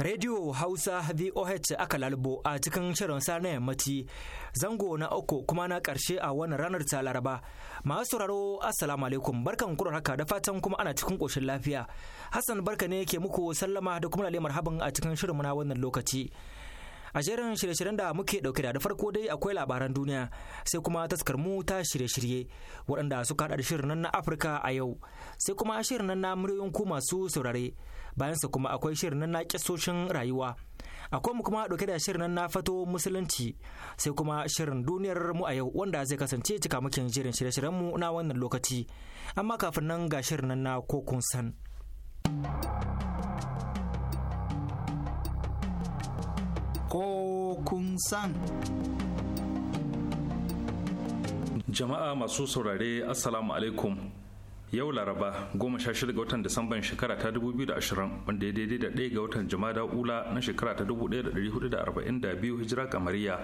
Radio Hausa VOH aka lalubo a cikin shirin sa na yammaci zango na uku kuma na ƙarshe a wannan ranar ta Laraba. Masu sauraro Assalamu alaikum barkan kurar haka da fatan kuma ana cikin ƙoshin lafiya. Hassan barka ne ke muku sallama da kuma lalle marhaban a cikin shirin na wannan lokaci. a jerin shirye-shiryen da muke dauke da farko dai akwai labaran duniya sai kuma taskar mu ta shirye-shirye waɗanda suka haɗa da shirin nan na afirka a yau sai kuma shirin nan na muryoyin ku masu saurare bayan sa kuma akwai shirin nan na kisoshin rayuwa akwai mu kuma dauke da shirin nan na fato musulunci sai kuma shirin duniyar mu a yau wanda zai kasance cika jerin shirye-shiryen mu na wannan lokaci amma kafin nan ga shirin nan na kokun san ko kun san. Jama'a masu saurare Assalamu alaikum. Yau Laraba goma sha ga watan Disamban shekara ta dubu biyu da ashirin wanda ya daidai da ɗaya ga watan Jama'a Ula na shekara ta dubu ɗaya da hudu da arba'in da biyu hijira kamariya.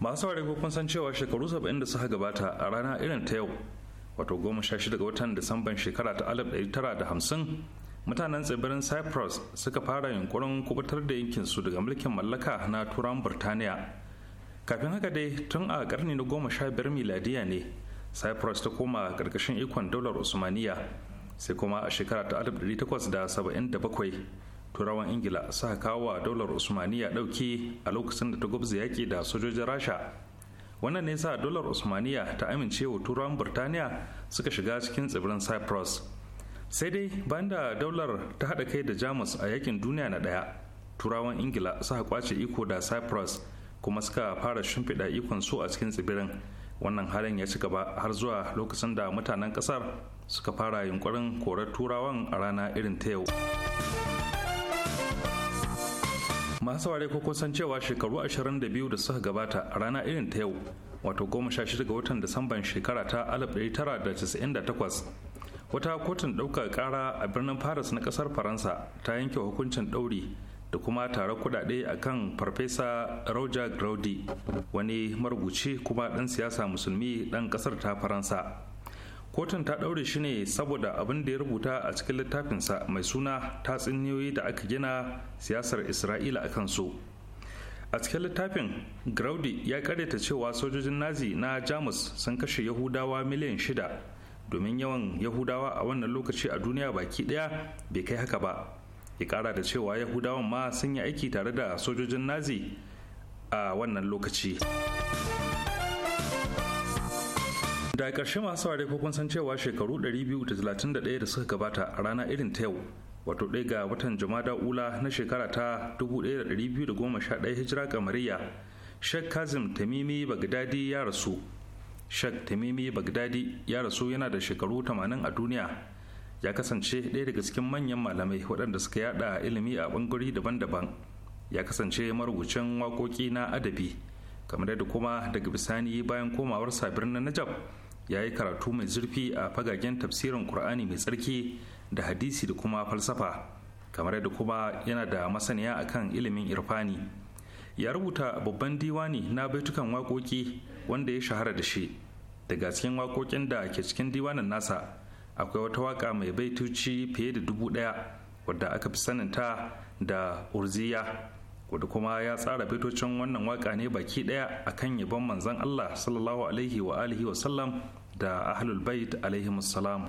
Masu saurare ko kun san cewa shekaru saba'in da suka gabata a rana irin ta yau wato goma sha shida ga watan Disamban shekara ta alif tara da hamsin mutanen tsibirin cyprus suka fara yunkurin kubutar da yankin su daga mulkin mallaka na turan burtaniya kafin haka dai tun a karni na goma sha biyar miladiya ne cyprus ta koma karkashin ikon daular usmaniya sai kuma a shekara ta alif da da saba'in bakwai turawan ingila suka kawo wa daular usmaniya dauki a lokacin da ta gubza yaki da sojojin rasha wannan ne sa daular usmaniya ta amince wa turawan burtaniya suka shiga cikin tsibirin cyprus sai dai bayan da daular ta hada kai da jamus a yakin duniya na ɗaya turawan ingila suka kwace iko da cyprus kuma suka fara shimfiɗa ikon su a cikin tsibirin wannan halin ya ci gaba har zuwa lokacin da mutanen ƙasar suka fara yunkurin korar turawan a rana irin ta yau masu saurare ko kusan cewa shekaru 22 da suka gabata a rana irin ta yau wato 16 ga watan disamban shekara ta 1998 wata kotun ɗaukar ƙara a birnin paris na ƙasar faransa ta yanke hukuncin ɗauri da kuma tare kuɗaɗe a kan farfesa roger graudi wani marubuci kuma ɗan siyasa musulmi ɗan ƙasar ta faransa kotun ta ɗaure shi ne saboda abin da ya rubuta a cikin littafinsa mai suna tatsuniyoyi da aka gina siyasar isra'ila a kansu a cikin littafin graudi ya karyata cewa sojojin nazi na jamus sun kashe yahudawa miliyan shida domin yawan yahudawa a wannan lokaci a duniya baki daya bai kai haka ba ya kara da cewa yahudawan ma sun yi aiki tare da sojojin nazi a wannan lokaci da ƙarshe masu ware ko kun san cewa shekaru 231 da suka gabata a rana irin ta yau wato ɗaya ga watan jumada ula na shekara ta 1211 hijira kamariya sheikh kazim tamimi bagdadi ya rasu shak tamimi bagdadi ya rasu yana da shekaru 80 a duniya ya kasance ɗaya daga cikin manyan malamai waɗanda suka yada ilimi a ɓangare daban-daban ya kasance marubucin waƙoƙi na adabi kamar da kuma daga bisani bayan komawar komawarsa na najab ya yi karatu mai zurfi a fagagen tafsirin kur'ani mai tsarki da hadisi da kuma falsafa kamar da kuma yana da masaniya akan ilimin irfani ya rubuta babban diwani na baitukan waƙoƙi wanda ya shahara da shi daga cikin waƙoƙin da ke cikin diwanan nasa akwai wata waƙa mai baituci fiye da dubu ɗaya wadda aka fi saninta da urziya wadda kuma ya tsara baitocin wannan waka ne baki ɗaya akan yabon manzon Allah sallallahu alaihi wa alihi wa sallam da ahlul bait alaihi salam.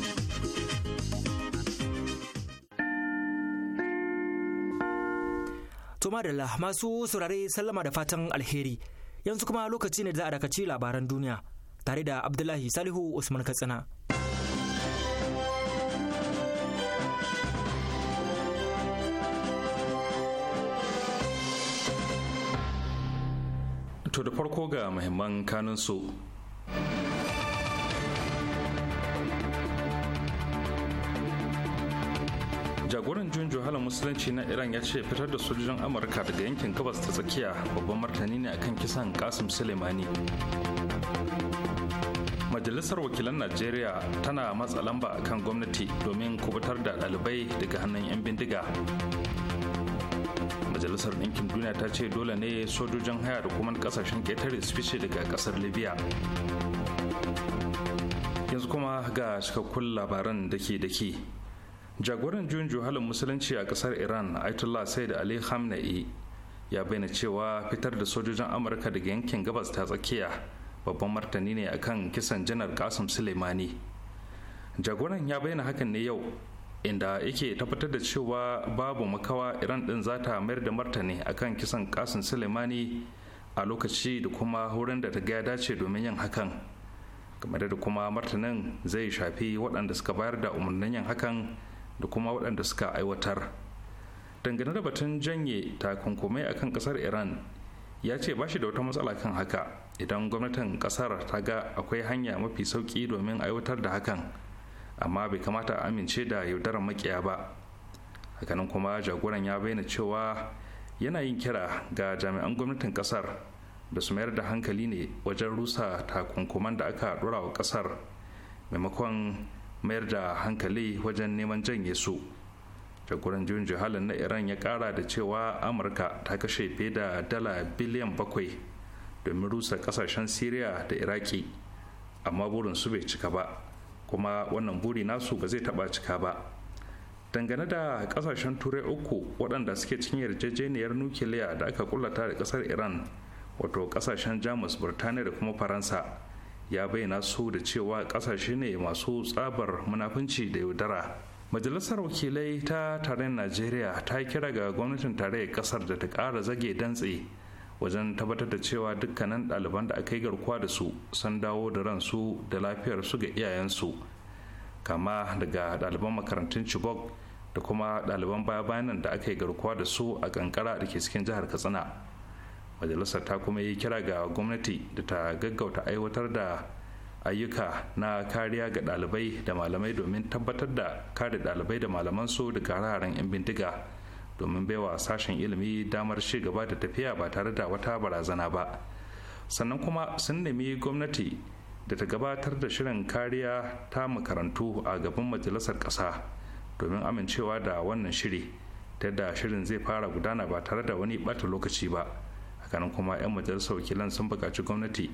To madalla masu saurare sallama da fatan alheri. Yanzu kuma lokaci ne da a dakaci labaran duniya tare da Abdullahi Salihu Usman Katsina. To da farko ga muhimman kanunsu. jagoran jun juhalin musulunci na iran ya ce fitar da sojojin amurka daga yankin gabas ta tsakiya babban martani ne akan kisan kasim suleimani majalisar wakilan najeriya tana matsa lamba kan gwamnati domin kubutar da ɗalibai daga hannun 'yan bindiga majalisar ɗinkin duniya ta ce dole ne sojojin haya da kuma kasashen ƙetare su fice daga ƙasar libya yanzu kuma ga cikakkun labaran da ke da jagoran juyin juhalin musulunci a kasar iran ayatollah said ali khamenei ya bayyana cewa fitar da sojojin amurka daga yankin gabas ta tsakiya babban martani ne akan kisan janar kasim suleimani jagoran ya bayyana hakan ne yau inda yake tabbatar da cewa babu makawa iran din za ta mayar da martani akan kisan kasim suleimani a lokaci da kuma wurin da ta gaya dace domin yin hakan kamar da kuma martanin zai shafi waɗanda suka bayar da umarnin yin hakan da kuma waɗanda suka aiwatar dangane da batun janye takunkumai akan ƙasar iran ya ce ba shi da wata matsala kan haka idan gwamnatin ƙasar ta ga akwai hanya mafi sauƙi domin aiwatar da hakan amma bai kamata a amince da yaudarar makiya ba hakanan kuma jagoran ya bayyana cewa yana yin kira ga jami'an gwamnatin ƙasar da su mayar da hankali ne wajen rusa takunkuman da aka ɗora wa ƙasar maimakon mayar da hankali wajen neman janye su jagoran juyin halin na iran ya kara da cewa amurka ta kashe fiye da dala biliyan bakwai domin rusa kasashen syria da iraki amma burin su bai cika ba kuma wannan buri nasu ba zai taba cika ba dangane da kasashen turai uku waɗanda suke cikin yarjejeniyar nukiliya da aka kullata da kasar iran wato kasashen jamus burtaniya da kuma faransa ya bayyana su da cewa kasashe ne masu tsabar munafunci da yaudara majalisar wakilai ta tarayyar najeriya ta kira ga gwamnatin tarayyar kasar da ta ƙara zage dantse wajen tabbatar da cewa dukkanin ɗaliban da aka yi garkuwa da su sun dawo da ransu da lafiyar su ga iyayensu kama daga ɗaliban makarantun chibok da kuma ɗaliban baya-bayanan da aka yi garkuwa da su a kankara da ke cikin jihar katsina majalisar ta kuma yi kira ga gwamnati da ta gaggauta aiwatar da ayyuka na kariya ga dalibai da malamai domin tabbatar da kare dalibai da malaman su daga hararen 'yan bindiga domin baiwa sashen ilimi damar shi gaba da tafiya ba tare da wata barazana ba sannan kuma sun nemi gwamnati da ta gabatar da shirin kariya ta makarantu a gaban majalisar ƙasa domin amincewa da wannan shiri ta da shirin zai fara gudana ba tare da wani ɓata lokaci ba hakanan kuma 'yan majalisar wakilan sun buƙaci gwamnati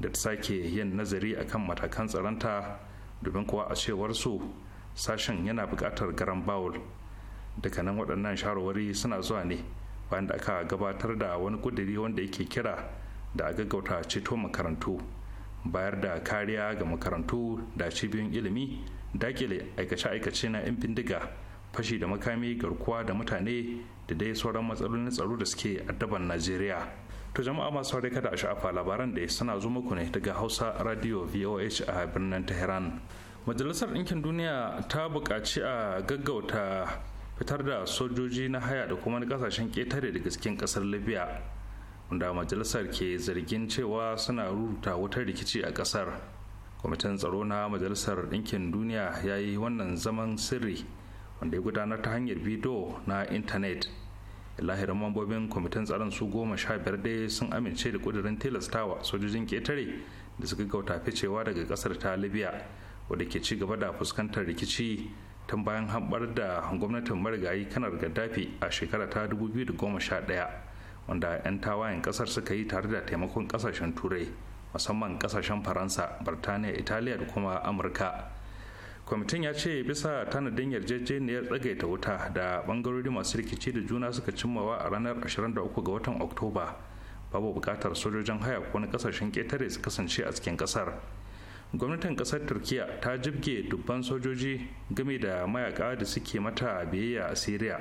da ta sake yin nazari akan matakan tsaronta domin kuwa a cewar su sashen yana buƙatar garan bawul daga nan waɗannan shawarwari suna zuwa ne bayan da aka gabatar da wani ƙudiri wanda yake kira da a gaggauta ceto makarantu bayar da kariya ga makarantu da cibiyoyin ilimi dakile aikace-aikace na 'yan bindiga fashi da makami garkuwa da mutane da dai sauran matsalolin tsaro da suke addaban najeriya to jama'a masu haure kada a sha'afa labaran da suna zo muku ne daga hausa radio voh a birnin tehran majalisar ɗinkin duniya ta buƙaci a gaggauta fitar da sojoji na haya da kuma ƙasashen ƙetare daga cikin ƙasar libya wanda majalisar ke zargin cewa suna rubuta wutar rikici a ƙasar kwamitin tsaro na majalisar ɗinkin duniya ya yi wannan zaman sirri wanda ya gudanar ta hanyar bidiyo na intanet lahirin mambobin kwamitin tsaron su goma sha biyar dai sun amince da kudirin tilastawa sojojin ketare da suka gauta ficewa daga kasar ta libya wadda ke ci gaba da fuskantar rikici tun bayan hambar da gwamnatin marigayi kanar gaddafi a shekara ta 2011 wanda 'yan tawayen kasar suka yi tare da taimakon kasashen turai musamman kasashen faransa birtaniya italiya da kuma amurka kwamitin ya ce bisa tanadin yarjejeniyar tsagaita wuta da bangarori masu rikici da juna suka cimmawa a ranar 23 ga watan oktoba babu bukatar sojojin haya ko na kasashen ketare su kasance a cikin kasar gwamnatin kasar turkiya ta jibge dubban sojoji game da mayaka da suke mata biyayya a syria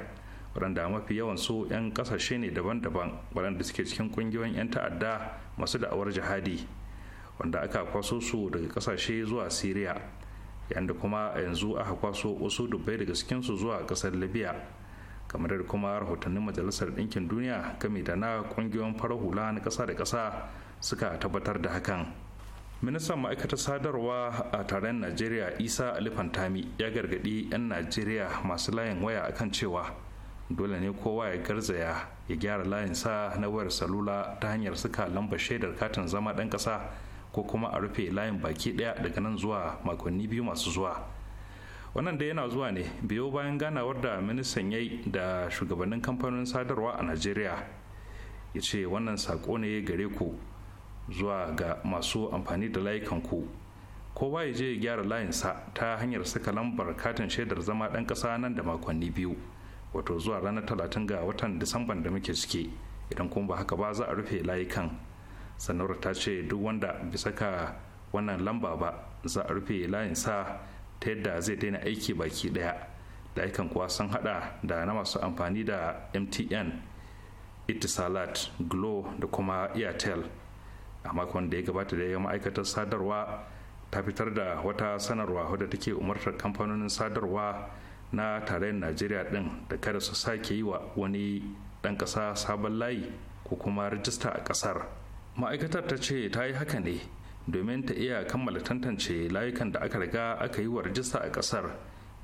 waɗanda mafi yawan su 'yan kasashe ne daban-daban waɗanda suke cikin ƙungiyoyin 'yan ta'adda masu da'awar jihadi wanda aka kwaso su daga kasashe zuwa syria yadda kuma a yanzu aka kwaso wasu dubbai daga su zuwa kasar libya kamar da kuma rahotannin majalisar ɗinkin duniya game da na ƙungiyoyin farar hula na ƙasa da ƙasa suka tabbatar da hakan ministan ma'aikatar sadarwa a taron najeriya isa alifantami ya gargaɗi 'yan najeriya masu layin waya akan cewa dole ne kowa ya garzaya ya gyara layinsa na wayar salula ta hanyar suka lamba shaidar katin zama ɗan ƙasa ko kuma a rufe layin baki daya daga nan zuwa makonni biyu masu zuwa wannan da yana zuwa ne biyo bayan ganawar da ministan yayi da shugabannin kamfanin sadarwa a najeriya ya ce wannan sako ne gare ku zuwa ga masu amfani da layukan ku kowa ya je ya gyara layinsa ta hanyar saka lambar katin shaidar zama dan kasa nan da makonni biyu wato zuwa ranar talatin ga watan disamban da muke ciki idan kuma ba haka ba za a rufe layukan sanarwar ta ce duk wanda bai saka wannan lamba ba za a rufe sa ta yadda zai daina aiki baki daya da aikan kuwa sun hada da na masu amfani da mtn itisalat glo da kuma airtel a makon da ya gabata da ya ma'aikatar sadarwa ta fitar da wata sanarwa wadda take umartar kamfanonin sadarwa na tarayyar najeriya din da kada su sake yi wa wani dan kasa sabon layi ko kuma rajista a kasar ma'aikatar ta ce ta yi haka ne domin ta iya kammala tantance layukan da aka riga aka yi wa rajista a kasar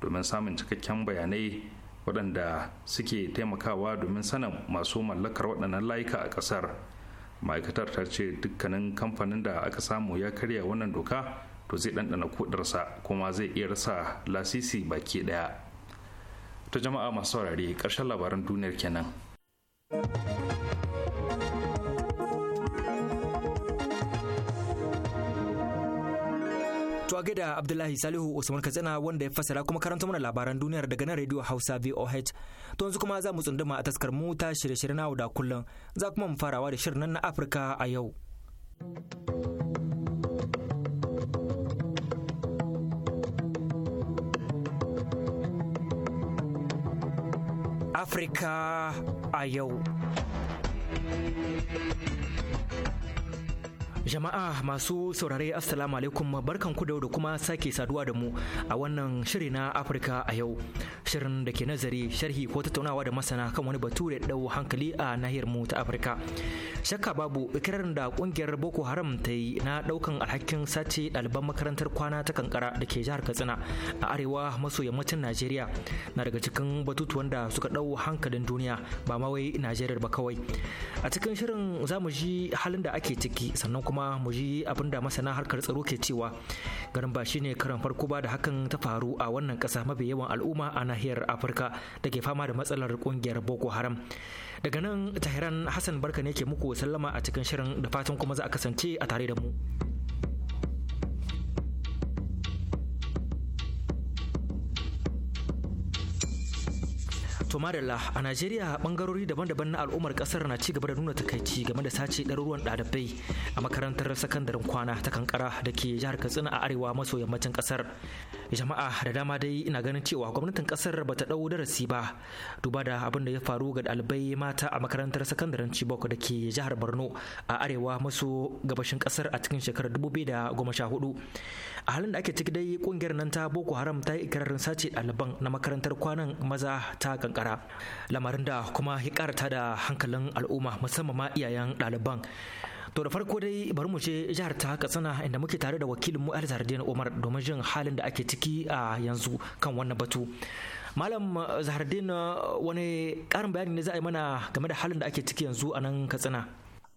domin samun cikakken bayanai waɗanda suke taimakawa domin sanin masu mallakar waɗannan layuka a kasar ma'aikatar ta ce dukkanin kamfanin da aka samu ya karya wannan doka to zai ɗanɗana kudarsa kuma zai iya rasa lasisi baki ɗaya ta jama'a masu saurare ƙarshen labaran duniyar kenan. To a gaida Abdullahi Salihu Usman Katsina wanda ya fassara kuma karanta mana labaran duniyar daga nan Radio Hausa VOH. To yanzu kuma za mu tsunduma a taskar mu ta shirye-shirye na da kullum. Za kuma mu farawa da shirin nan na Afirka a yau. Afirka a yau. Jama'a masu saurare Assalamu alaikum barkan ku da da kuma sake saduwa da mu a wannan shiri na Afirka a yau. Shirin da ke nazari sharhi ko tattaunawa da masana kan wani batu da dau hankali a nahiyar mu ta Afirka. Shakka babu ikirarin da kungiyar Boko Haram ta yi na daukan alhakin sace ɗaliban makarantar kwana ta kankara da ke jihar Katsina a arewa maso yammacin Najeriya na daga cikin batutuwan da suka dau hankalin duniya ba ma wai Najeriya ba kawai. A cikin shirin zamu ji halin da ake ciki sannan kuma kuma mu ji abin da masana harkar tsaro ke cewa garin ba ne karan farko ba da hakan ta faru a wannan kasa mafi yawan al'umma a nahiyar Afirka da ke fama da matsalar kungiyar Boko Haram. Daga nan Tahiran Hassan Barka ne ke muku sallama a cikin shirin da fatan kuma za a kasance a tare da mu. To Marilla a Najeriya bangarori daban-daban na al'ummar kasar na ci da nuna takaici game da sace ɗaruruwan ɗalibai a makarantar sakandaren kwana ta kankara da ke jihar Katsina a arewa maso yammacin kasar. Jama'a da dama dai ina ganin cewa gwamnatin kasar bata ɗau darasi ba duba da abin da ya faru ga ɗalibai mata a makarantar sakandaren Chibok da ke jihar Borno a arewa maso gabashin kasar a cikin shekarar 2014. a halin da ake ciki dai kungiyar nan ta boko haram ta yi ikirarin sace ɗaliban na makarantar kwanan maza ta kankara lamarin da kuma ya karata da hankalin al'umma musamman ma iyayen ɗaliban to da farko dai bari mu je jihar ta katsina inda muke tare da wakilin mu zardin umar domin jin halin da ake ciki a yanzu kan wannan batu malam zahardin wani karin bayani ne za a yi mana game da halin da ake ciki yanzu a nan katsina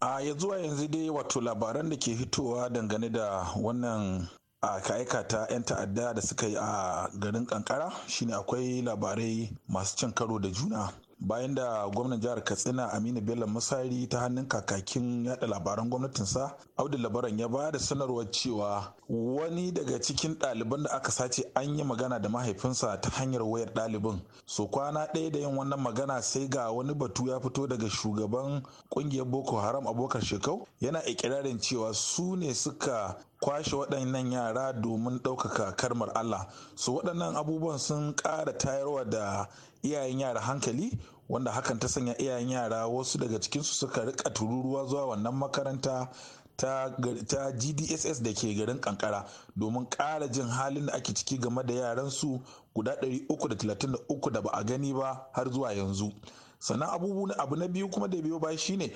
a yanzu a yanzu dai wato labaran da ke hitowa dangane da wannan aka aikata 'yan ta'adda da suka yi a garin kankara shine akwai labarai masu cin karo da juna bayan da gwamnan jihar katsina aminu bello musari ta hannun kakakin yada labaran gwamnatinsa audu labaran ya ba da sanarwar cewa wani daga cikin ɗaliban da aka sace an yi magana da mahaifinsa ta hanyar wayar ɗalibin so kwana ɗaya da yin wannan magana sai ga wani batu ya fito daga shugaban ƙungiyar boko haram abokar shekau yana ikirarin cewa su ne suka kwashe waɗannan yara domin ɗaukaka karmar Allah su waɗannan abubuwan sun ƙara tayarwa da iyayen yara hankali wanda hakan ta sanya iyayen yara wasu daga cikinsu suka rika tururuwa zuwa wannan makaranta ta, gdss da ke garin kankara domin ƙara jin halin da ake ciki game da yaransu guda 333 da ba a gani ba har zuwa yanzu sannan abu na biyu kuma da biyo ba shine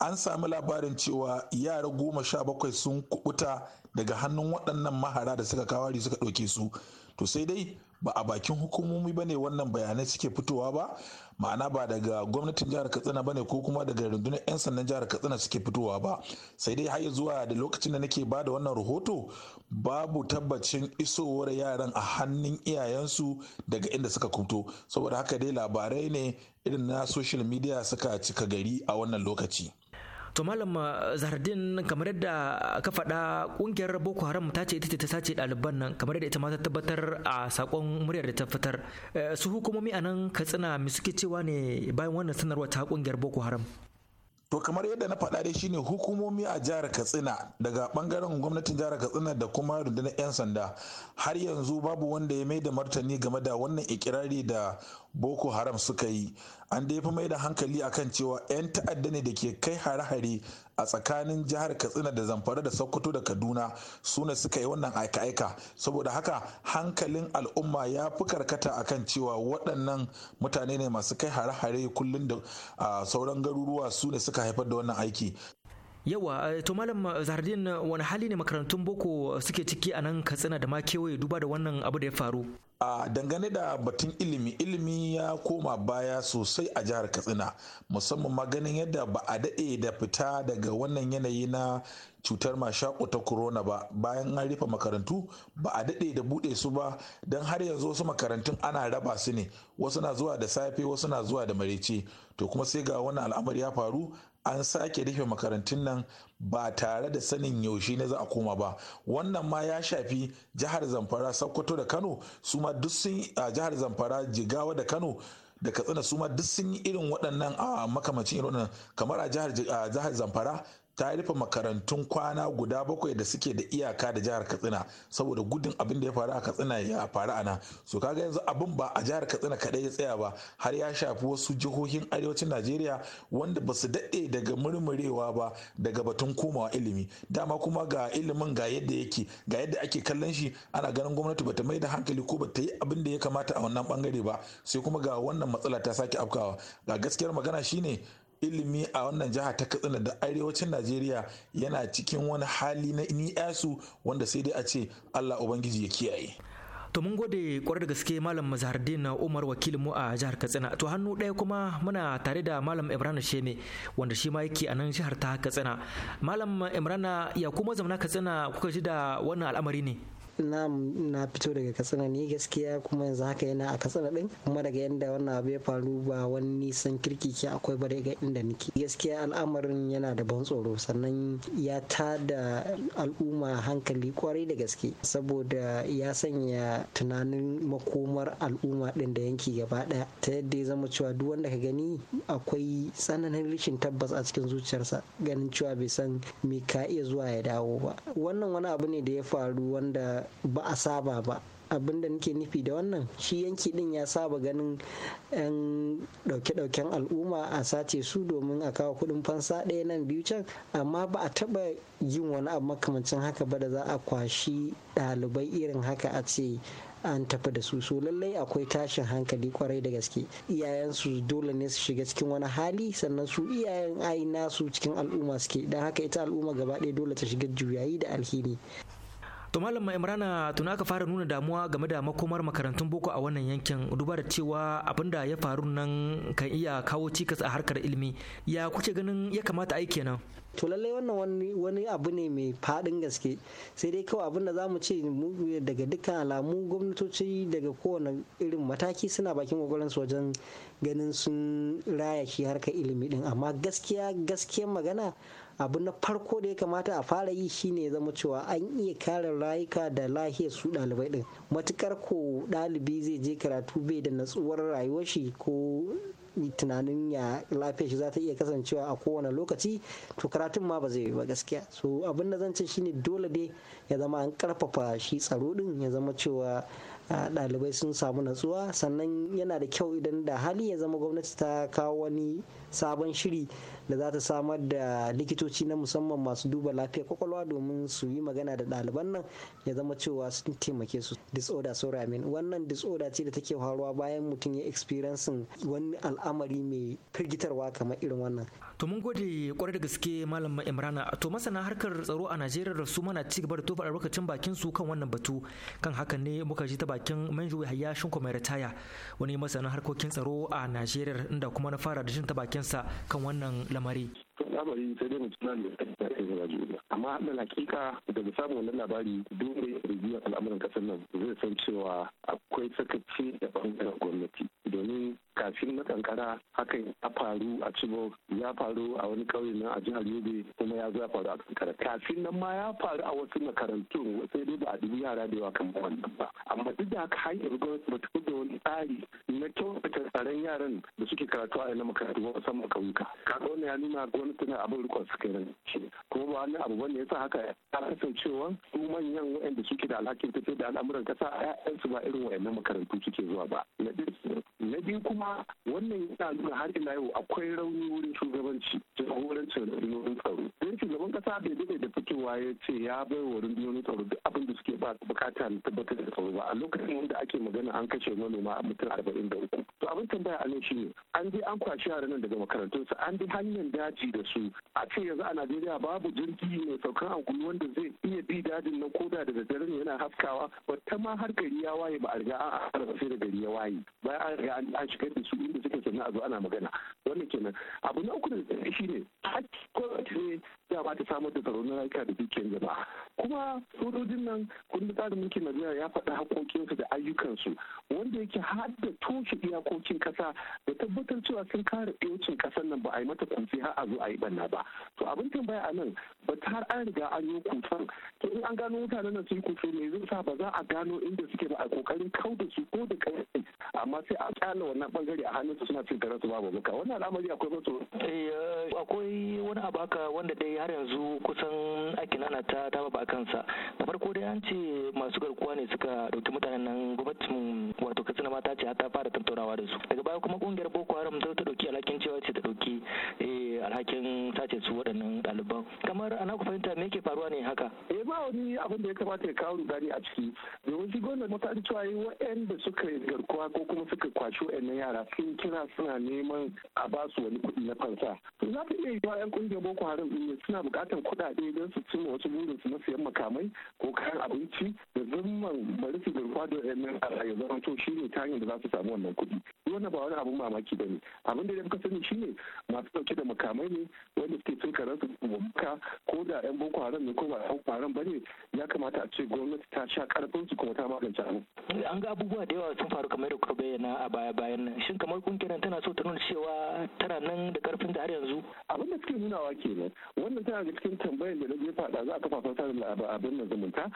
an sami labarin cewa yara goma sha bakwai sun kubuta daga hannun waɗannan mahara da suka kawari suka ɗauke su to sai dai ba a bakin hukumomi bane wannan bayanai suke fitowa ba ma'ana ba daga gwamnatin jihar katsina bane ko kuma daga rundunar 'yan sannan jihar katsina suke fitowa ba sai dai har zuwa da lokacin da nake ba da wannan rahoto babu tabbacin isowar yaran a hannun iyayensu daga inda suka kuto saboda haka dai labarai ne irin na social media suka cika gari a wannan lokaci to malam eh, zahardin kamar yadda ka faɗa ƙungiyar boko haram ta ce ita ce ta sace ɗaliban nan kamar yadda ita ma ta tabbatar a sakon muryar da ta fitar eh, su hukumomi a nan katsina mi suke cewa ne bayan wannan sanarwa ta kungiyar boko haram To kamar yadda na faɗa dai shine hukumomi a jihar Katsina daga ɓangaren gwamnatin jihar Katsina da kuma rundunar 'yan sanda har yanzu babu wanda ya mai da martani game da wannan ikirari da Boko Haram suka yi. An dai fi mai da hankali akan cewa 'yan ta'adda ne da ke kai hare-hare a tsakanin jihar katsina da zamfara da sokoto da kaduna su ne suka yi wannan aika-aika saboda haka hankalin al'umma ya fi karkata a kan cewa waɗannan mutane ne masu kai hare-hare kullum da sauran garuruwa su ne suka haifar da wannan aiki yawa eh, to malam zahardin wani hali ne makarantun boko suke ciki a nan katsina da ma kewaye duba da wannan abu da ya faru a dangane da batun ilimi ilimi ya koma baya sosai a jihar katsina musamman maganin yadda ba a daɗe da fita daga wannan yanayi na cutar mashaku ta corona ba bayan an rufe makarantu ba a daɗe da buɗe su ba don har yanzu wasu makarantun ana raba su ne wasu na zuwa da safe wasu na zuwa da marece to kuma sai ga wannan al'amari ya faru an sake rufe makarantun nan ba tare da sanin yaushe na za a koma ba wannan ma ya shafi jihar zamfara sokoto da kano su ma duk sun jihar zamfara jigawa da kano da katsina su ma duk sun yi irin waɗannan a makamacin irin waɗannan kamar a jihar zamfara ta rufe makarantun kwana guda bakwai da suke da iyaka da jihar katsina saboda gudun abin da ya faru a katsina ya faru a nan so kaga yanzu abin ba a jihar katsina kadai ya tsaya ba har ya shafi wasu jihohin arewacin najeriya wanda ba su daɗe daga murmurewa ba daga batun komawa ilimi dama kuma ga ilimin ga yadda yake ga yadda ake kallon shi ana ganin gwamnati bata mai da hankali ko bata yi abin da ya kamata a wannan bangare ba sai kuma ga wannan matsala ta sake afkawa ga gaskiyar magana shine ilimi a wannan jiha ta katsina da arewacin najeriya yana cikin wani hali na ni'yasu wanda sai dai a ce allah ubangiji ya kiyaye to mun gode kwarar da gaske malam mazhardin umar wakilin mu a jihar katsina to hannu ɗaya kuma muna tare da malam imrana sheme wanda shi ma yake a nan jihar ta katsina malam imrana ya kuma zamana katsina kuka ji da wannan al'amari ne na na fito daga katsina ne gaskiya kuma yanzu haka yana a katsina din kuma daga yanda wannan abu ya faru ba wani nisan kirki ke akwai ba daga inda nake gaskiya al'amarin yana da ban tsoro sannan ya ta da al'umma hankali kwarai da gaske saboda ya sanya tunanin makomar al'umma ɗin da yanki gaba ɗaya. ta yadda ya zama cewa duk wanda ka gani akwai tsananin rashin tabbas a cikin zuciyarsa ganin cewa bai san me ka iya zuwa ya dawo ba wannan wani abu ne da ya faru wanda ba a saba ba abinda nake nufi da wannan shi yanki din ya saba ganin 'yan dauke-dauken al'umma a sace su domin a kawo kudin fansa ɗaya nan biyu can amma ba a taba yin wani abu makamancin haka ba da za a kwashi ɗalibai irin haka a ce an tafi da su so lallai akwai tashin hankali kwarai da gaske iyayensu dole ne su shiga cikin wani hali sannan su iyayen ai nasu cikin al'umma suke don haka ita al'umma gaba ɗaya dole ta shiga juyayi da alhini To Malam Imrana tuna aka fara nuna damuwa game da makomar makarantun boko a wannan yankin duba da cewa abin da ya faru nan kan iya kawo cikas a harkar ilimi ya kuke ganin ya kamata ai kenan. to lallai wannan wani abu ne mai faɗin gaske sai dai kawai abin da za mu ce daga dukkan alamu gwamnatoci daga kowane irin mataki suna bakin kokarin su wajen ganin sun raya shi harkar ilimi din amma gaskiya gaskiyar magana abu na farko da ya kamata a fara yi shine ya zama cewa an iya kare rayuka da lahiyar su ɗalibai ɗin matukar ko ɗalibi zai je karatu bai da natsuwar rayuwar shi ko tunanin ya lafiyar shi za ta iya kasancewa a kowane lokaci to karatun ma ba zai yi ba gaskiya so abin da zan ce shine dole dai ya zama an karfafa shi tsaro din ya zama cewa ɗalibai sun samu natsuwa sannan yana da kyau idan da hali ya zama gwamnati ta kawo wani sabon shiri da za ta samar da likitoci na musamman masu duba lafiyar kwakwalwa domin su yi magana da ɗaliban nan ya zama cewa sun taimake su disorder so amin wannan disorder ce da take faruwa bayan mutum ya experience wani al'amari mai firgitarwa kamar irin wannan to mun gode kwarai da gaske malam imrana to masana harkar tsaro a najeriya da su mana ci gaba da tofa lokacin bakin su kan wannan batu kan hakan ne muka ji ta bakin manjo hayya shinko mai ritaya wani masanin harkokin tsaro a najeriya inda kuma na fara da jin ta bakin koke kan wannan lamari. labari sai dai mutum nan da ta da ta zama juna amma haɗin hakika daga samun wannan labari dole rigiyar al'amuran ƙasar nan zai san cewa akwai sakaci da ɓangaren gwamnati domin kafin na kankara hakan ya faru a cibo ya faru a wani kauye nan a jihar Yobe kuma ya zo ya faru a kankara kafin nan ma ya faru a wasu makarantu sai dai ba a dubi yara da yawa kan wannan ba amma duk da haka har gwamnati ba ta da wani tsari na kyautata tsaron yaran da suke karatu a yanar makarantu ba musamman ƙauyuka kaga wannan ya nuna gwamnati na abin rikon su kenan kuma ba wani abu bane sa haka ya kasancewa su manyan waɗanda suke da alhakin tafiyar da al'amuran kasa ƴaƴansu ba irin waɗannan makarantu suke zuwa ba na biyu kuma wannan yana nuna har ila yau akwai rauni wurin shugabanci jagorancin rundunonin tsaro don shugaban kasa bai dade da fitowa ya ce ya bai wa rundunonin tsaro duk abin da suke ba bukata na tabbatar da tsaro ba a lokacin wanda ake magana an kashe manoma a mutum arba'in da uku to abin tambaya a nan ne an je an kwashi yaran nan daga su an bi hanyar daji da su a ce yanzu a najeriya babu jirgi mai saukan angulu wanda zai iya bi dajin na koda da daddare ne yana haskawa wata ma har gari ya waye ba a riga an a sai da gari ya waye bayan an riga an shigar da su inda suke sannan a zo ana magana wannan kenan abu na uku da shi ne gwamnati ne ba ta samar da tsaro na rayuka da dukiyar jama'a kuma sojojin nan kundin tsarin mulkin najeriya ya faɗi haƙoƙinsu da ayyukansu wanda yake har da toshe iyakokin ƙasa da tabbatar cewa sun kare ɗaucin ƙasar nan ba a yi mata kunci har a zo a yi ɓanna ba to abin tambaya a nan ba ta har an riga an yi kutan to in an gano mutanen nan sun kuto me zai sa ba za a gano inda suke ba a ƙoƙarin kau da su ko da kai amma sai a kyala wannan bangare a hannunsu suna cin karansu babu muka wannan al'amari akwai mutu eh, akwai wani abu haka wanda dai har yanzu kusan ake nanata ta ba kansa da farko dai an ce masu garkuwa ne suka dauki mutanen nan gwamnatin wato katsina mata ce ta fara tattaunawa da su daga baya kuma kungiyar boko haram ta ta dauki alhakin cewa ce ta dauki eh, alhakin sace su waɗannan ɗaliban kamar ana ku fahimta me yake faruwa ne haka eh ba wani abin da ya kamata ya kawo rudani a ciki domin shi gwamnati mutane cewa yi waɗanda suka garkuwa ko kuma suka kwashi ya yara sun kira suna neman a ba su wani kuɗi na fansa to za ta iya yiwa yan kungiyar boko haram din suna buƙatar kuɗaɗe don su cimma wasu burin su na siyan makamai ko kayan abinci da zumman bari su gurfa da yan a ya zama to shine ta hanyar da za su samu wannan kuɗi wannan ba wani abun mamaki ba ne abin da ya fi sani ne masu ɗauke da makamai ne wanda suke cin su baka ko da yan boko haram ne ko ba yan haram ba ne ya kamata a ce gwamnati ta sha ƙarfin su kuma ta magance an ga abubuwa da yawa sun faru kamar da kuka bayyana a baya bayan nan shin kamar kungiyar tana so ta nuna cewa tana nan da karfin da har yanzu abin da suke nunawa kenan wannan tana da cikin tambayar da na jefa da za a kafafen da abin da zumunta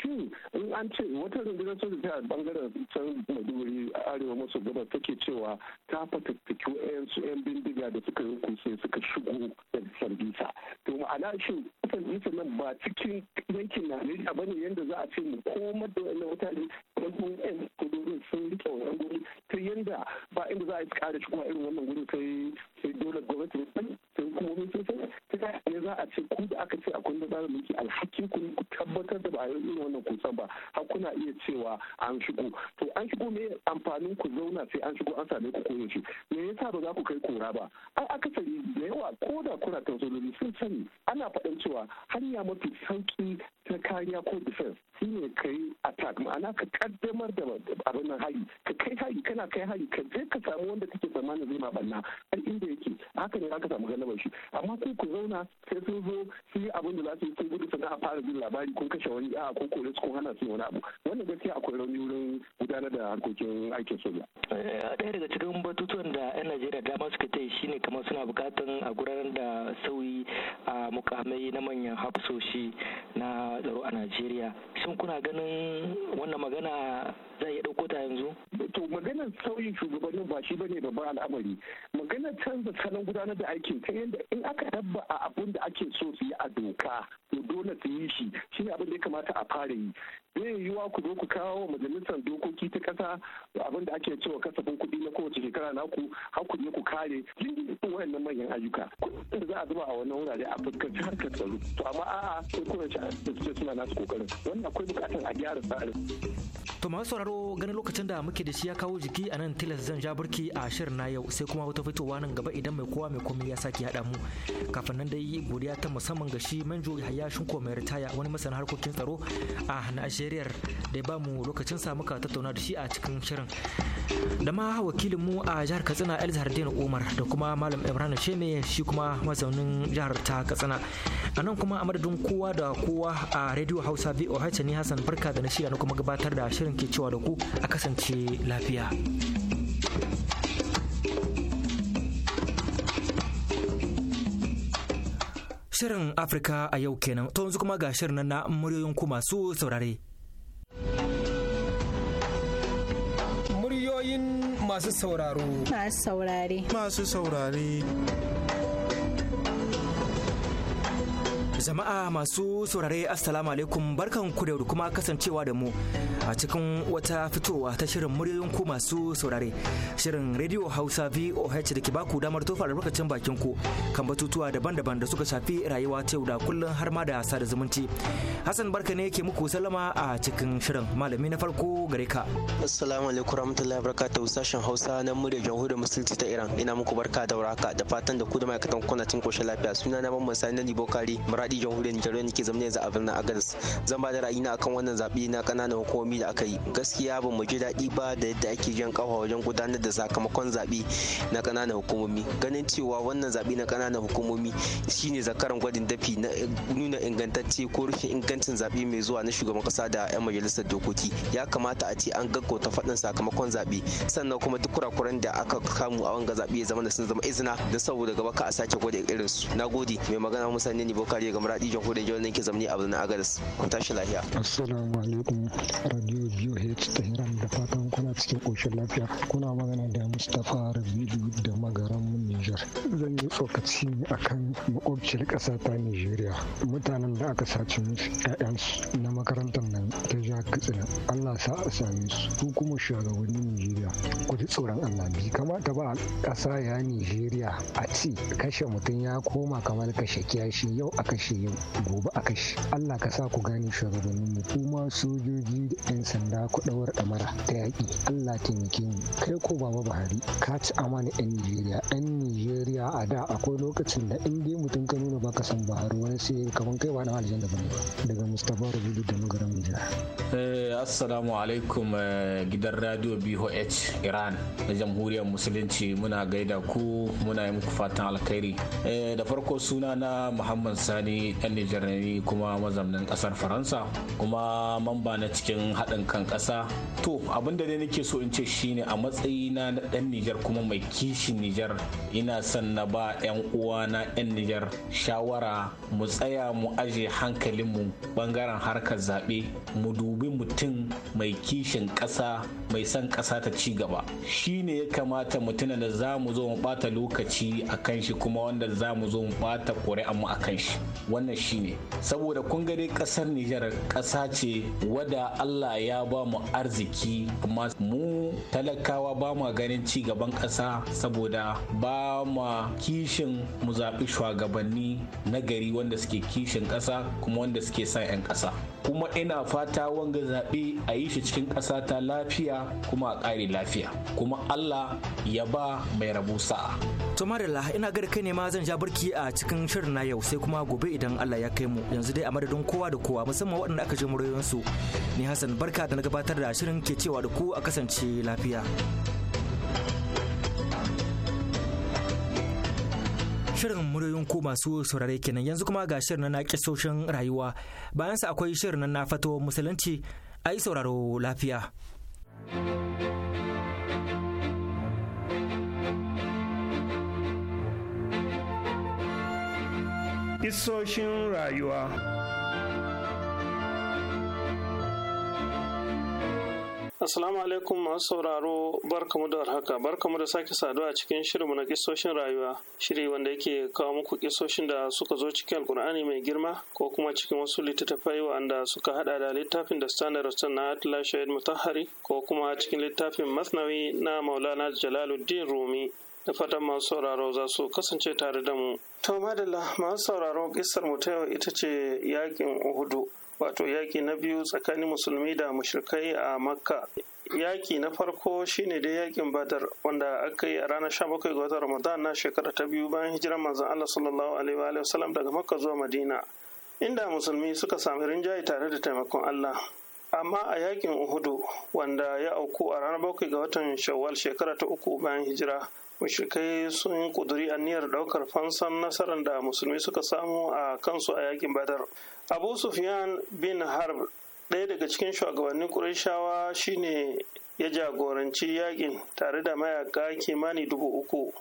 shin in an ce wata rundunar soja ta bangaren can a arewa maso gabas take cewa ta fatattaki wayansu yan bindiga da suka yi kusai suka shigo da sambisa to ma'ana shin sambisa nan ba cikin yankin a bane yadda za a ce mu komar da wannan mutane wasu yan kudurin sun rike wani guri ta yadda ba inda za a yi kare kuma irin wannan wurin sai sai dole gwamnati ne sai sai hukumomi sun sai ta kai za a ce ku da aka ce akwai da tsarin mulki alhaki ku ku tabbatar da ba a yi irin wannan kusan ba har kuna iya cewa an shigo to an shigo me amfanin ku zauna sai an shigo an same ku ko yaushe me yasa ba za ku kai kora ba ai aka akasari da yawa ko da kuna tausayi sun sani ana faɗan cewa hanya mafi sauki ta kariya ko defense shi ne ka attack ma'ana ka kaddamar da abin nan hari ka kai hari kana kai hari ka je ka samu wanda kake tsammanin zai ma banna har inda yake haka ne zaka samu galabar shi amma ko ku zauna sai sun zo su abin da za su yi sun gudu sannan a fara jin labari kun kashe wani a ko kore su ko hana su wani abu wannan gaskiya akwai rauni wurin gudanar da harkokin aikin soja. Eh, ɗaya daga cikin batutuwan da 'yan Najeriya dama suka ta yi shi ne kamar suna bukatan a gudanar da sauyi a mukamai na manyan hafsoshi na tsaro a Najeriya. Shin kuna ganin wannan magana za a iya ɗauko ta yanzu? To maganar sauyin shugabannin ba shi bane babban al'amari. Maganar canza salon gudanar da aikin ta yadda in aka tabba a abun da ake so su yi a doka to dole su yi shi shi ne abin da ya kamata a fara yi. Zai yiwuwa ku zo ku kawo majalisar dokoki ta ƙasa abin da ake cewa kasafin kuɗi na kowace shekara naku har ku ku kare jirgin wayannan manyan ayyuka. Kuɗin da za a zuba a wannan wurare a fuskanci harkar tsaro. To amma a'a sai kuma shi da suna nasu kokarin wannan akwai bukatar a gyara tsarin to masu sauraro ganin lokacin da muke da shi ya kawo jiki a nan tilas zan ja burki a shirin na yau sai kuma wata fitowa nan gaba idan mai kowa mai komai ya sake haɗa mu kafin nan dai godiya ta musamman ga shi manjo ya shinko mai ritaya wani masana harkokin tsaro a najeriya da ya ba mu lokacin sa muka tattauna da shi a cikin shirin da ma wakilin mu a jihar katsina elzahardin umar da kuma malam ibrahim sheme shi kuma mazaunin jihar ta katsina a nan kuma a madadin kowa da kowa a Radio Hausa VOH ne Hassan barka da na shirya na kuma gabatar da shirin ke cewa da ku a kasance lafiya. Shirin Afirka a yau kenan, to yanzu kuma ga shirin na muryoyin ku masu saurare. Muryoyin masu sauraro. Masu saurare. Masu saurare. Jama'a masu saurare Assalamu alaikum barkan ku da kuma kasancewa da mu a cikin wata fitowa ta shirin muryoyin ku masu saurare. Shirin Radio Hausa VOH da ke baku damar tofa albarkacin bakin ku kan batutuwa daban-daban da suka shafi rayuwa ta yau da kullum har ma da sada zumunci. Hassan barka ne ke muku salama a cikin shirin malami na farko gare ka. Assalamu alaikum warahmatullahi sashen Hausa na murya jamhuriyar musulunci ta Iran ina muku barka da warhaka da fatan da ku da ma'aikatan kuna cin koshin lafiya na Mamman Sani na Libokari Murad maradi jamhuriyar nijar da ke zama yanzu a birnin agadas zan ba da ra'ayi na akan wannan zaɓe na ƙananan hukumomi da aka yi gaskiya ba mu ji daɗi ba da yadda ake jan ƙafa wajen gudanar da sakamakon zaɓe na ƙananan hukumomi ganin cewa wannan zaɓe na ƙananan hukumomi shine zakaran gwadin dafi na nuna ingantacce ko rufe ingancin zaɓe mai zuwa na shugaban ƙasa da 'yan majalisar dokoki ya kamata a ce an gaggauta faɗin sakamakon zaɓe sannan kuma duk kurakuran da aka kamu a wanga zaɓe ya zama da sun zama izina don saboda gaba ka a sake gwada irinsu na gode mai magana musa ne bokari ga daga jan jamhuriyar jan ninki zamani a birnin agadas ku tashi lafiya assalamu alaikum radio boh tahiran da fatan kuna cikin koshin lafiya kuna magana da mustapha Rabi, da magaran niger zan yi tsokaci akan makwabciyar ƙasa ta nigeria mutanen da aka sace musu 'ya'yansu na makarantar nan ta jihar katsina allah sa a same su su kuma shugabannin nigeria ku ji tsoron allah bi kamata ba ƙasa ya nigeria a ci kashe mutum ya koma kamar kashe kiyashi yau a kashe yau gobe a kashe allah ka sa ku gane shugabannin mu kuma sojoji da 'yan sanda ku ɗawar ɗamara ta yaki, allah taimake mu kai ko baba buhari ka ci amana 'yan nigeria 'yan nigeria a da akwai lokacin da in dai mutum ka nuna baka san buhari wani sai kamar kai ba na aljanna ba daga mustapha Rabi da magaran nigeria Eh, assalamu alaikum eh, gidan radio boh iran na jamhuriyar musulunci muna gaida ku muna yi muku fatan alkhairi eh, da farko suna na muhammad sani dan nijar kuma mazamnin kasar faransa kuma mamba na cikin haɗin kan ƙasa to abinda ne nake so in ce shine a matsayina na dan nijar kuma mai kishin nijar ina son na ba 'yan uwa na 'yan nijar shawara mu tsaya mu aje hankalinmu bangaren harkar zaɓe mu dubi mutum mai kishin ƙasa mai son ƙasa ta ci gaba shi ne ya kamata mutum da za mu zo mu bata lokaci a kan shi kuma wanda za mu zo mu bata ƙuri'an mu a kan shi wannan shi ne saboda kun ga ƙasar Nijar ƙasa ce wada Allah ya ba mu arziki kuma mu talakawa ba ma ganin ci gaban ƙasa saboda ba ma kishin mu zaɓi shugabanni na gari wanda suke kishin ƙasa kuma wanda suke sa 'yan ƙasa kuma ina fata wanga zaɓe a yi shi cikin ƙasa ta lafiya kuma a ƙare lafiya kuma Allah ya ba mai rabu sa'a. To Marilla ina ga kai ne ma zan ja barki a cikin shirin na yau sai kuma gobe idan Allah ya kai mu yanzu dai a madadin kowa da kowa musamman waɗanda aka ji murayoyinsu ne Hassan barka da na gabatar da shirin ke cewa da ku a kasance lafiya. Shirin muryoyin ku masu saurare kenan yanzu kuma ga shirin na kisoshin rayuwa bayan sa akwai shirin na fato musulunci a yi sauraro lafiya. Kisoshin rayuwa Assalamu alaikum masu sauraro barkamu da warhaka barkamu da sake saduwa a cikin shirinmu na kisoshin rayuwa shiri wanda yake kawo muku kisoshin da suka zo cikin alkur'ani mai girma ko kuma cikin wasu littattafai wanda suka hada da littafin da standard rastan na shahid mutahari ko kuma cikin littafin masnawi na maulana jalaluddin rumi da fatan masu sauraro za su kasance tare da mu. To madalla masu sauraro kisar mu ta yau ita ce yakin Uhudu wato yaƙi na biyu tsakanin musulmi da mushrikai a makka yaƙi na farko shine dai yaƙin badar wanda aka yi a ranar 17 ga watan ramadan na shekara ta biyu bayan hijiran manzon allah sallallahu alaihi wa sallam daga makka zuwa madina inda musulmi suka sami rinjaye tare da taimakon allah amma a yaƙin uhudu wanda ya auku a ranar 7 ga watan shawwal shekara ta uku bayan hijira mushrikai sun kuduri aniyar daukar fansan nasarar da musulmi suka samu a kansu a yakin badar abu sufyan bin harb ɗaya daga cikin shugabannin ƙurashawa shine ya jagoranci yakin tare da mayaka kimani dubu uku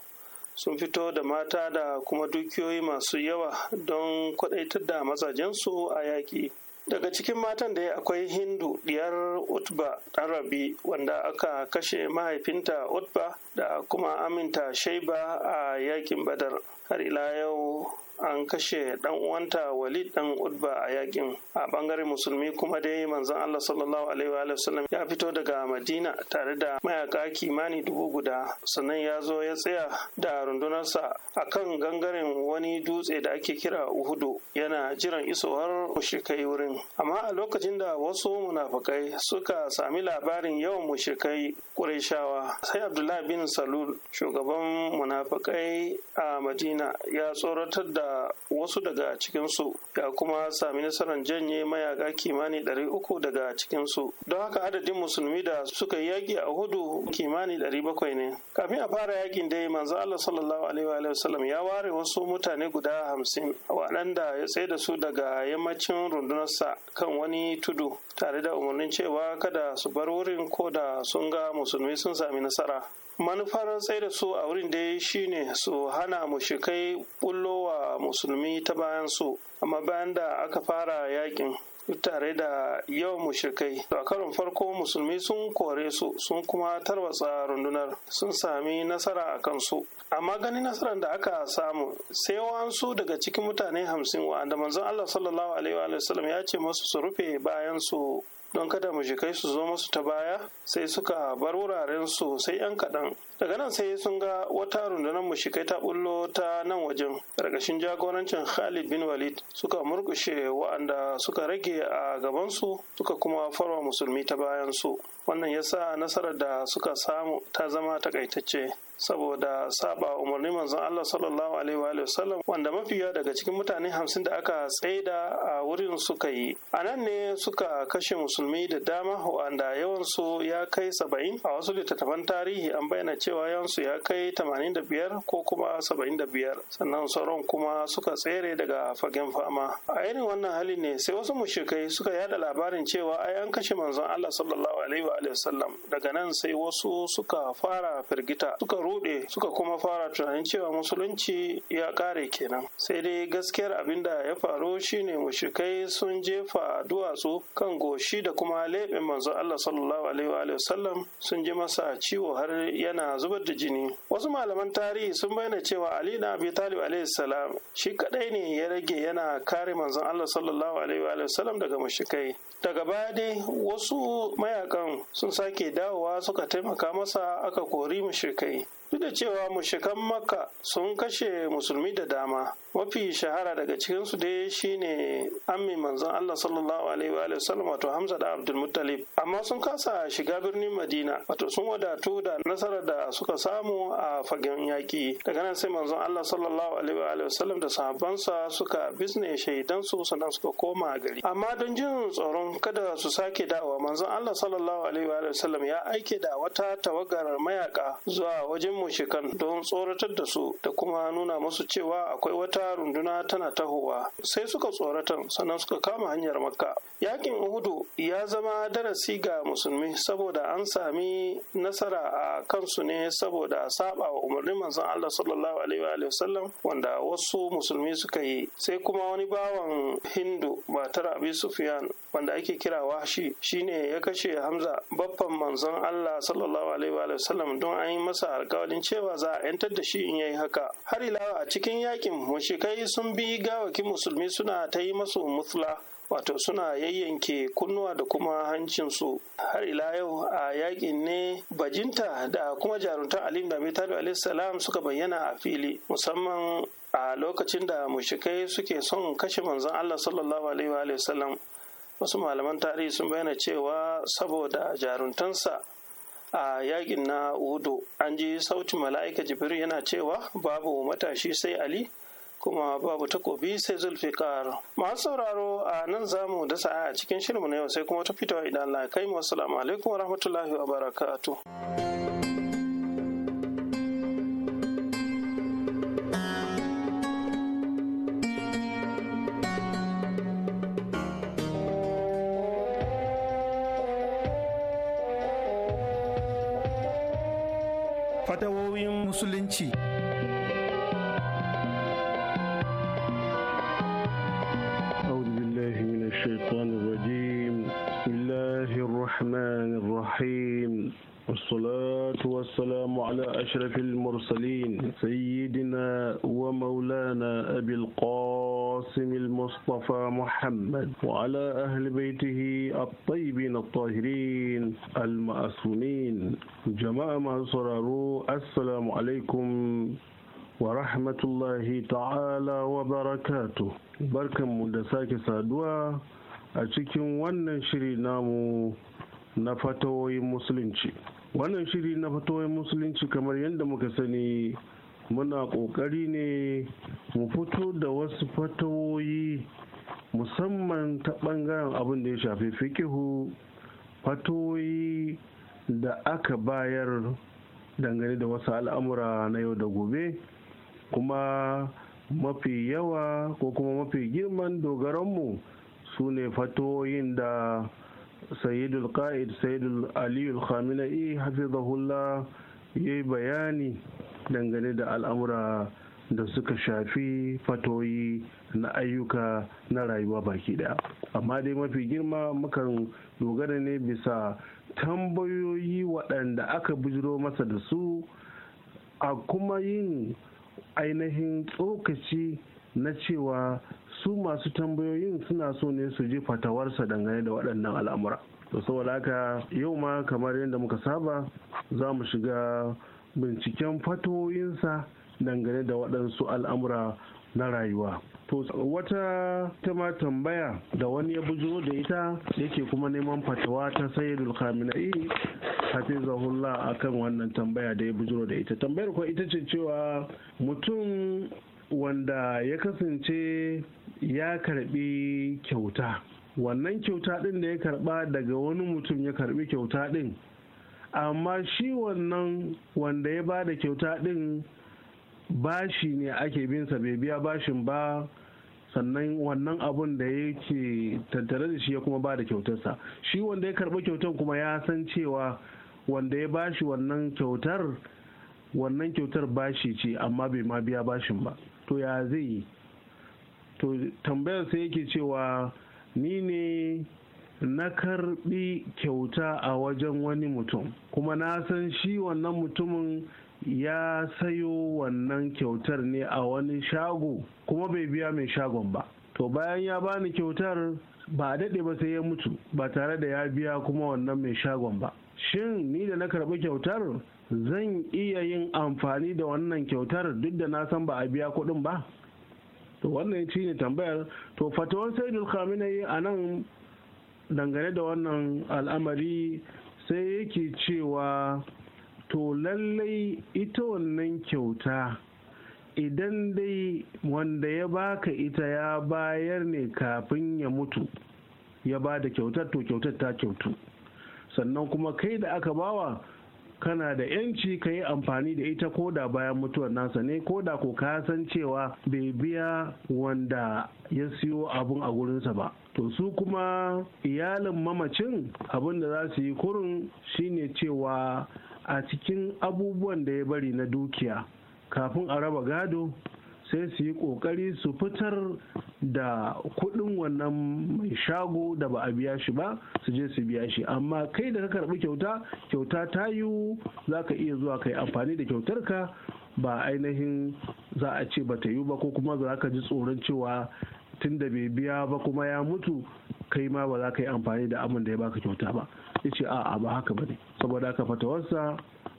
sun fito da mata da kuma dukiyoyi masu yawa don kwadaitar da mazajensu a yaƙi daga cikin matan da ya akwai hindu diyar utba ɗan rabi wanda aka kashe mahaifinta utba da kuma aminta shaiba a yakin badar har ila yau an kashe dan uwanta walid dan udba a yakin a bangaren musulmi kuma dai manzon allah sallallahu alaihi wa sallam ya fito daga madina tare da mayaka kimani dubu guda sannan ya zo ya tsaya da rundunarsa a kan gangaren wani dutse da ake kira uhudu yana jiran isowar mushrikai wurin amma a lokacin da wasu munafikai suka sami labarin yawan mushrikai Qurayshawa sai abdullahi bin salul shugaban munafikai a madina ya tsoratar da wasu daga cikinsu ya kuma sami nasarar janye mayaka kimani ɗari daga cikinsu don haka adadin musulmi da suka yi yaƙi a hudu kimani ɗari ne kafin a fara yaƙin dai manzo Allah sallallahu alaihi wa ya ware wasu mutane guda hamsin waɗanda ya tsaye da su daga yammacin rundunarsa kan wani tudu tare da umarnin cewa kada su bar wurin ko da sun ga musulmi sun sami nasara manufar sai da su a wurin da shine su hana mushikai bullowa musulmi ta bayan su amma bayan da aka fara yakin tare da yawan mushrikai a karon farko musulmi sun kore su sun kuma tarwatsa rundunar sun sami nasara a kansu amma ganin nasarar da aka samu sai wasu daga cikin mutane hamsin wa'anda manzon Allah sallallahu alaihi wa sallam ya ce masu su rufe bayan su don kada mu kai su zo musu ta baya sai suka bar wuraren su sai yan kaɗan daga nan sai sun ga wata rundunar mu kai ta bullo ta nan wajen ƙarƙashin jagorancin khalid bin walid suka murkushe wa'anda suka rage a gabansu suka kuma farwa musulmi ta bayan su wannan ya sa nasarar da suka samu ta zama takaitacce saboda saba umarnin manzon Allah sallallahu alaihi wa sallam wanda mafiya daga cikin mutane hamsin da aka tsaida a wurin suka yi a nan ne suka kashe musulmi musulmi da dama wanda yawansu ya kai saba'in a wasu littattafan tarihi an bayyana cewa yawansu ya kai tamanin da biyar ko kuma saba'in da biyar sannan sauran kuma suka tsere daga fagen fama a irin wannan hali ne sai wasu mushrikai suka yada labarin cewa ai an kashe manzon Allah sallallahu alaihi wa sallam daga nan sai wasu suka fara firgita suka rude suka kuma fara tunanin cewa musulunci ya kare kenan sai dai gaskiyar abin da ya faru shine mushrikai sun jefa duwatsu kan goshi da kuma leɓen manzon Allah sallallahu alaihi wa sallam sun ji masa ciwo har yana zubar da jini wasu malaman tarihi sun bayyana cewa Ali na Abi Talib alaihi salam shi kadai ne ya rage yana kare manzon Allah sallallahu alaihi wa sallam daga mushrikai daga baya dai wasu mayakan mayakan sun sake dawowa suka taimaka masa aka kori mashirkai duk da cewa mushikan makka sun kashe musulmi da dama mafi shahara daga cikinsu dai shine ammi manzon allah sallallahu alaihi wa sallam wato hamza da Abdul Muttalib, amma sun kasa shiga birnin madina wato sun wadatu da nasarar da suka samu a fagen yaki, daga nan sai manzon allah sallallahu alaihi wa sallam da sahabbansa suka bisne su sannan suka koma gari amma don jin tsoron kada su sake dawowa manzon allah sallallahu alaihi wa sallam ya aike da wata tawagar mayaka zuwa wajen munshikan don tsoratar da su da kuma nuna musu cewa akwai wata runduna tana tahowa sai suka tsoratar sannan suka kama hanyar makka yakin uhudu ya zama darasi ga musulmi saboda an sami nasara a kansu ne saboda saba wa umarnin manzon Allah sallallahu alaihi wa sallam wanda wasu musulmi suka yi sai kuma wani bawan hindu matar abi sufyan wanda ake kira washi shine ya kashe hamza babban manzon Allah sallallahu alaihi wa sallam don an yi masa alkawari sharaɗin cewa za a 'yantar da shi in yayi haka har ilawa a cikin yakin mushikai sun bi gawakin musulmi suna ta yi masu musla wato suna yayyanke kunnuwa da kuma hancinsu har ila yau a yakin ne bajinta da kuma jaruntar alim da abi talib suka bayyana a fili musamman a lokacin da mushikai suke son kashe manzon allah sallallahu alaihi wa sallam wasu malaman tarihi sun bayyana cewa saboda jaruntansa a yakin na Udo, an ji sautin mala'ika jibril yana cewa babu matashi sai ali kuma babu takobi sai zulfikar masu sauraro a nan zamu mu dasa a cikin shirinmu na yau sai kuma ta fitowa idan Allah kai mu assalamu alaikum warahmatullahi rahmatullahi wa rahmatullahi ta'ala wa barakatu barkanmu da sake saduwa a cikin wannan shiri namu na fatawoyin musulunci wannan shiri na fatawoyin musulunci kamar yadda muka sani muna ƙoƙari ne mu fito da wasu fatawoyi musamman ta ɓangaren abin da ya shafi fikihu fatoyi da aka bayar dangane da wasu al'amura na yau da gobe kuma mafi yawa ko kuma mafi girman dogaranmu su ne fatoyin da sayyidul qa'id sayyidul aliyul khamenei hafizahullah ya yi bayani dangane da al'amura da suka shafi fatoyi na ayyuka na rayuwa baki daya amma dai mafi girma mukan dogara ne bisa tambayoyi waɗanda aka bujiro masa da su a kuma yin ainihin tsokaci na cewa su masu tambayoyin suna so ne su ji fatawarsa dangane da waɗannan al'amura to saboda haka yau ma kamar yadda muka saba za mu shiga binciken fatoyinsa dangane da waɗansu al'amura na rayuwa to wata ma tambaya da wani ya bujo da ita yake kuma neman fatawa ta sayyidul khamenei hafizahullah akan wannan tambaya da ya bujo da ita tambayar kuwa ita ce cewa mutum wanda ya kasance ya karbi kyauta wannan kyauta ɗin da ya karba daga wani mutum ya karbi kyauta ɗin, amma shi wannan wanda ya ba da kyauta ɗin. bashi ne ake bin sa bai biya bashin ba sannan wannan abun da yake tattare da shi ya kuma ba da kyautarsa shi wanda ya karɓi kyautar kuma ya san cewa wanda ya bashi wannan kyautar wannan kyautar bashi ce amma bai ma biya bashin ba to ya zai yi to tambayar sai yake cewa ni ne na karbi kyauta a wajen wani mutum kuma na san shi wannan mutumin ya sayo wannan kyautar ne a wani shago kuma bai biya mai shagon ba to bayan ya bani kyautar ba a daɗe ba sai ya mutu ba tare da ya biya kuma wannan mai shagon ba shin ni da na karɓi kyautar zan iya yin amfani da wannan kyautar duk da na san ba a biya kuɗin ba to wannan ci ne tambayar to fatawar saidul yi a nan dangane da wannan al'amari sai yake cewa to lallai ita wannan kyauta idan dai wanda ya baka ita ya bayar ne kafin ya mutu ya ba da kyautar to kyautar ta kyautu sannan kuma kai da aka bawa kana da yanci ka yi amfani da ita ko da bayan mutuwar nasa ne ko da ko ka san cewa bai biya wanda ya siyo abun a gurinsa ba to su kuma iyalin mamacin abin da za su yi kurin shine cewa a cikin abubuwan da ya bari na dukiya kafin a raba gado sai su yi kokari su fitar da kuɗin wannan mai shago da ba a biya shi ba su je su biya shi amma kai da ka karɓi kyauta kyauta ta yiwu za ka iya zuwa ka yi amfani da kyautar ka ba ainihin za a ce ba ta yiwu ba ko kuma za ka ji tsoron cewa tun da bai biya ba kuma ya mutu kai ma ba za ka yi amfani da abin da ya baka kyauta ba ya ce a'a ba haka ba ne saboda haka fatawarsa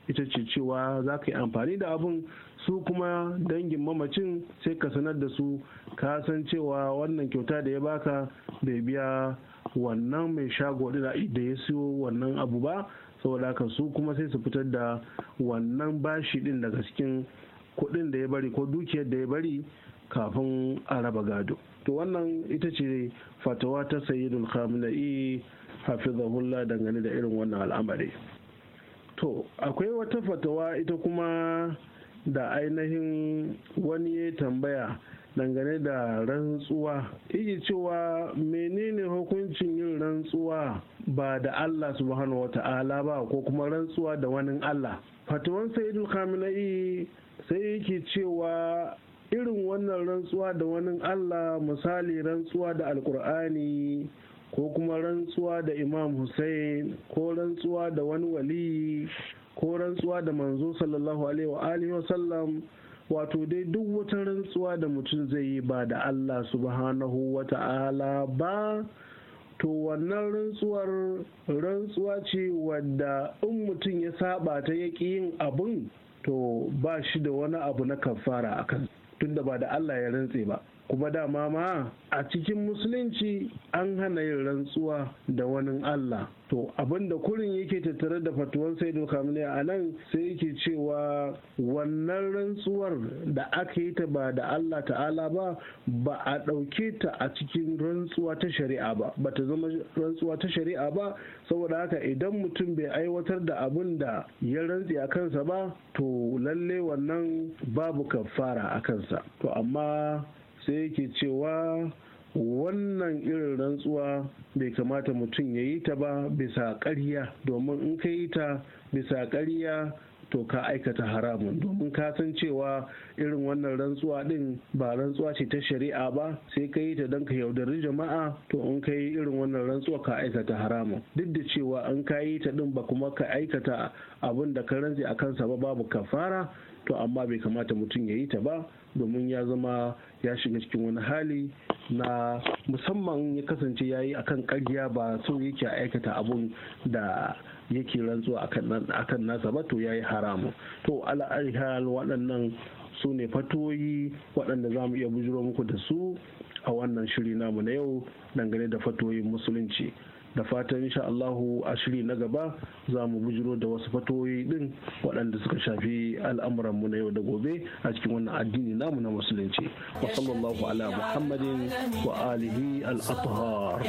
ita ce cewa za ka yi amfani da abin su kuma dangin mamacin sai ka sanar da su ka san cewa wannan kyauta da ya baka bai biya wannan mai shago da ya siyo wannan abu ba saboda haka su kuma sai su fitar da wannan bashi din daga cikin kuɗin da ya bari ko dukiyar da ya bari kafin a raba gado. to wannan ita ce fatawa ta sayyidul khamenei hafizahullah dangane da irin wannan al'amari to akwai wata fatawa ita kuma da ainihin wani ya tambaya dangane da rantsuwa iji cewa menene hukuncin yin rantsuwa ba da Allah subhanahu wata'ala ba ko kuma rantsuwa da wani Allah fatawan sayyidul khamenei sai yake cewa irin wannan rantsuwa da wani allah misali rantsuwa da alkur'ani ko kuma rantsuwa da imam hussein ko rantsuwa da wani wali ko rantsuwa da manzo sallallahu alaihi wa sallam wato dai duk wata rantsuwa da mutum zai yi ba da allah subhanahu wa ta'ala ba to wannan rantsuwar rantsuwa ce wadda in mutum ya saba ta yaki yin abin to ba shi da wani abu na kafara a kansa tunda ba da Allah ya rantse ba kuma dama ma a cikin musulunci an hana yin rantsuwa da wani Allah to abinda kurin yake tattare da fatuwan saidul kamili a nan sai yake cewa wannan rantsuwar da aka yi ta ba da Allah ta'ala ba ba a ɗauke ta a cikin rantsuwa ta shari'a ba ba ta zama rantsuwa ta shari'a ba saboda haka idan mutum bai aiwatar da abin da ya rantsi a kansa ba to lalle wannan babu kafara a kansa to amma sai yake cewa wannan irin rantsuwa bai kamata mutum ya yi ta ba bisa ƙarya domin in ka yi ta bisa ƙarya to ka aikata haramun domin ka san cewa irin wannan rantsuwa din ba rantsuwa ce ta shari'a ba sai ka yi ta don ka yaudari jama'a to in ka yi irin wannan rantsuwa ka aikata haramun duk da cewa in ka yi ta din ba kuma ka aikata abin da ka rantse a kansa ba babu kafara to amma bai kamata mutum ya yi ta ba domin ya zama ya shiga cikin wani hali na musamman ya kasance ya yi akan ƙarya ba so yake aikata abun da yake rantsuwa akan nasa ba to ya yi haramu to al'arihal waɗannan su ne fatoyi waɗanda za mu iya bujiro muku da su a wannan shiri namu na yau dangane da fatoyin musulunci da fatan insha Allahu a shiri na gaba za mu bujiro da wasu fatoyi din waɗanda suka shafi al'amuran mu na yau da gobe a cikin wannan addini namu na musulunci wa sallallahu ala muhammadin wa alihi al-athhar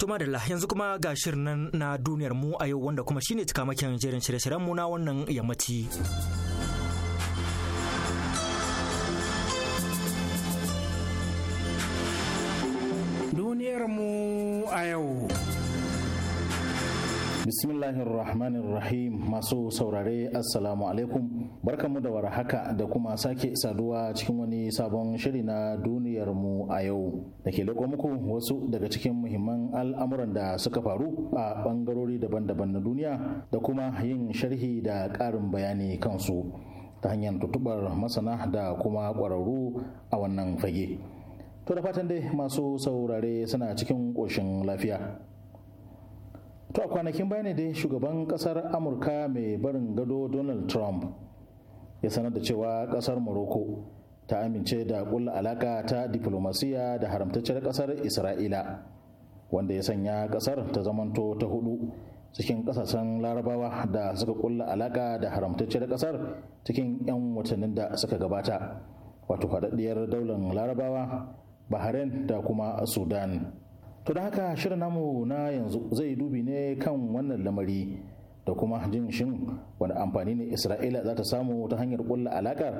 Tuma da yanzu kuma ga shirin nan na duniyar mu a yau wanda kuma shine cikamakin jerin shirye-shiryen mu na wannan yammaci. mu a yau. Bismillahirrahmanirrahim masu saurare assalamu alaikum barkamu da warhaka da kuma sake saduwa cikin wani sabon shiri na mu a yau da ke leko muku wasu daga cikin muhimman al'amuran da suka faru a bangarori daban-daban na duniya da kuma yin sharhi da ƙarin bayani kansu ta hanyar tutubar masana da kuma ƙwararru a wannan fage. to da fatan dai masu saurare suna cikin ƙoshin lafiya to a kwanakin ne dai shugaban ƙasar amurka mai barin gado donald trump ya sanar da cewa ƙasar morocco ta amince da kulla alaka ta diplomasiya da haramtacciyar ƙasar isra'ila wanda ya sanya ƙasar ta zamanto ta hudu cikin ƙasashen larabawa da suka kulla alaka da haramtacciyar ƙasar cikin 'yan watannin da suka gabata wato faɗaɗɗiyar daular larabawa bahrain da kuma sudan to da haka shirin namu na yanzu zai dubi ne kan wannan lamari da kuma jin shin wani amfani ne isra'ila za ta samu ta hanyar kulla alakar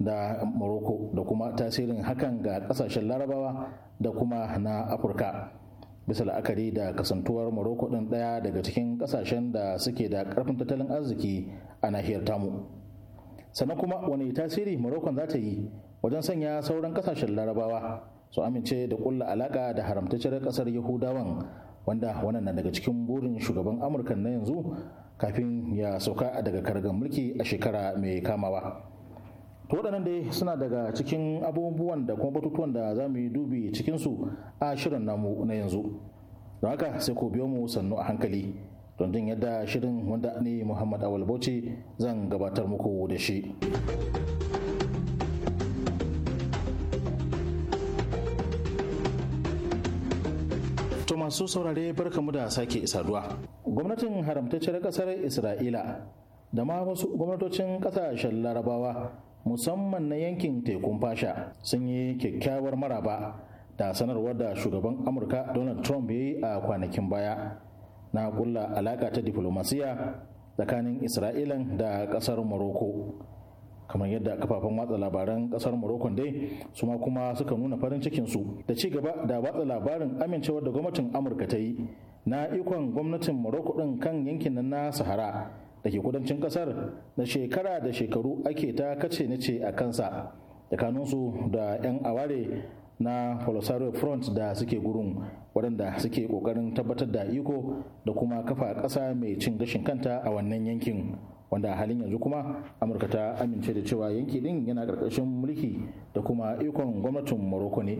da morocco da kuma tasirin hakan ga kasashen larabawa da kuma na afirka bisa la'akari da kasantuwar morocco din daya daga cikin kasashen da suke da karfin tattalin arziki a nahiyar tamu sannan kuma wani tasiri morocco za ta yi wajen sanya sauran kasashen larabawa su amince da kulla alaka da haramtacciyar kasar yahudawan wanda wannan na daga cikin burin shugaban amurka na yanzu kafin ya sauka daga kargan mulki a shekara mai kamawa to waɗannan dai suna daga cikin abubuwan da kuma batutuwan da za mu yi dubi cikinsu a shirin namu na yanzu don haka sai ko biyo mu sannu a hankali don jin yadda shirin wanda ne muhammad awal bauchi zan gabatar muku da shi masu saurare mu da sake saduwa. Gwamnatin haramtacciyar kasar Isra'ila da ma wasu gwamnatocin kasashen larabawa musamman na yankin tekun fasha sun yi kyakkyawar maraba da sanarwar da shugaban Amurka Donald Trump ya yi a kwanakin baya na kulla alaƙa ta diflomasiya tsakanin Isra'ilan da ƙasar Morocco. kamar yadda kafafen watsa labaran kasar Morocco dai su ma kuma suka nuna farin cikin su da ci gaba da watsa labarin amincewar da gwamnatin Amurka ta yi na ikon gwamnatin Morocco din kan yankin na Sahara da ke kudancin kasar da shekara da shekaru ake ta kace na ce a kansa tsakaninsu da 'yan aware na Polisario Front da suke gurin waɗanda suke ƙoƙarin tabbatar da iko da kuma kafa ƙasa mai cin gashin kanta a wannan yankin. wanda a halin yanzu kuma amurka ta amince da cewa yanki din yana karkashin mulki da kuma ikon gwamnatin morocco ne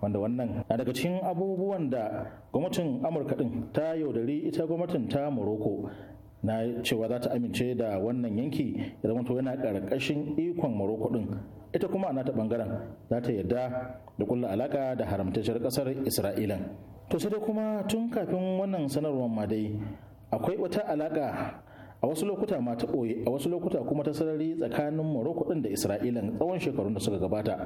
wanda wannan na daga cikin abubuwan da gwamnatin amurka din ta yaudari ita gwamnatin ta morocco na cewa za ta amince da wannan yanki ya zama yana karkashin ikon morocco din ita kuma nata bangaren za ta yarda da kulla alaka da haramtacciyar ƙasar isra'ilan to sai dai kuma tun kafin wannan sanarwar ma dai akwai wata alaka a wasu lokuta ma ta ɓoye a wasu lokuta kuma ta sarari tsakanin Morocco ɗin da Isra'ila tsawon shekarun da suka gabata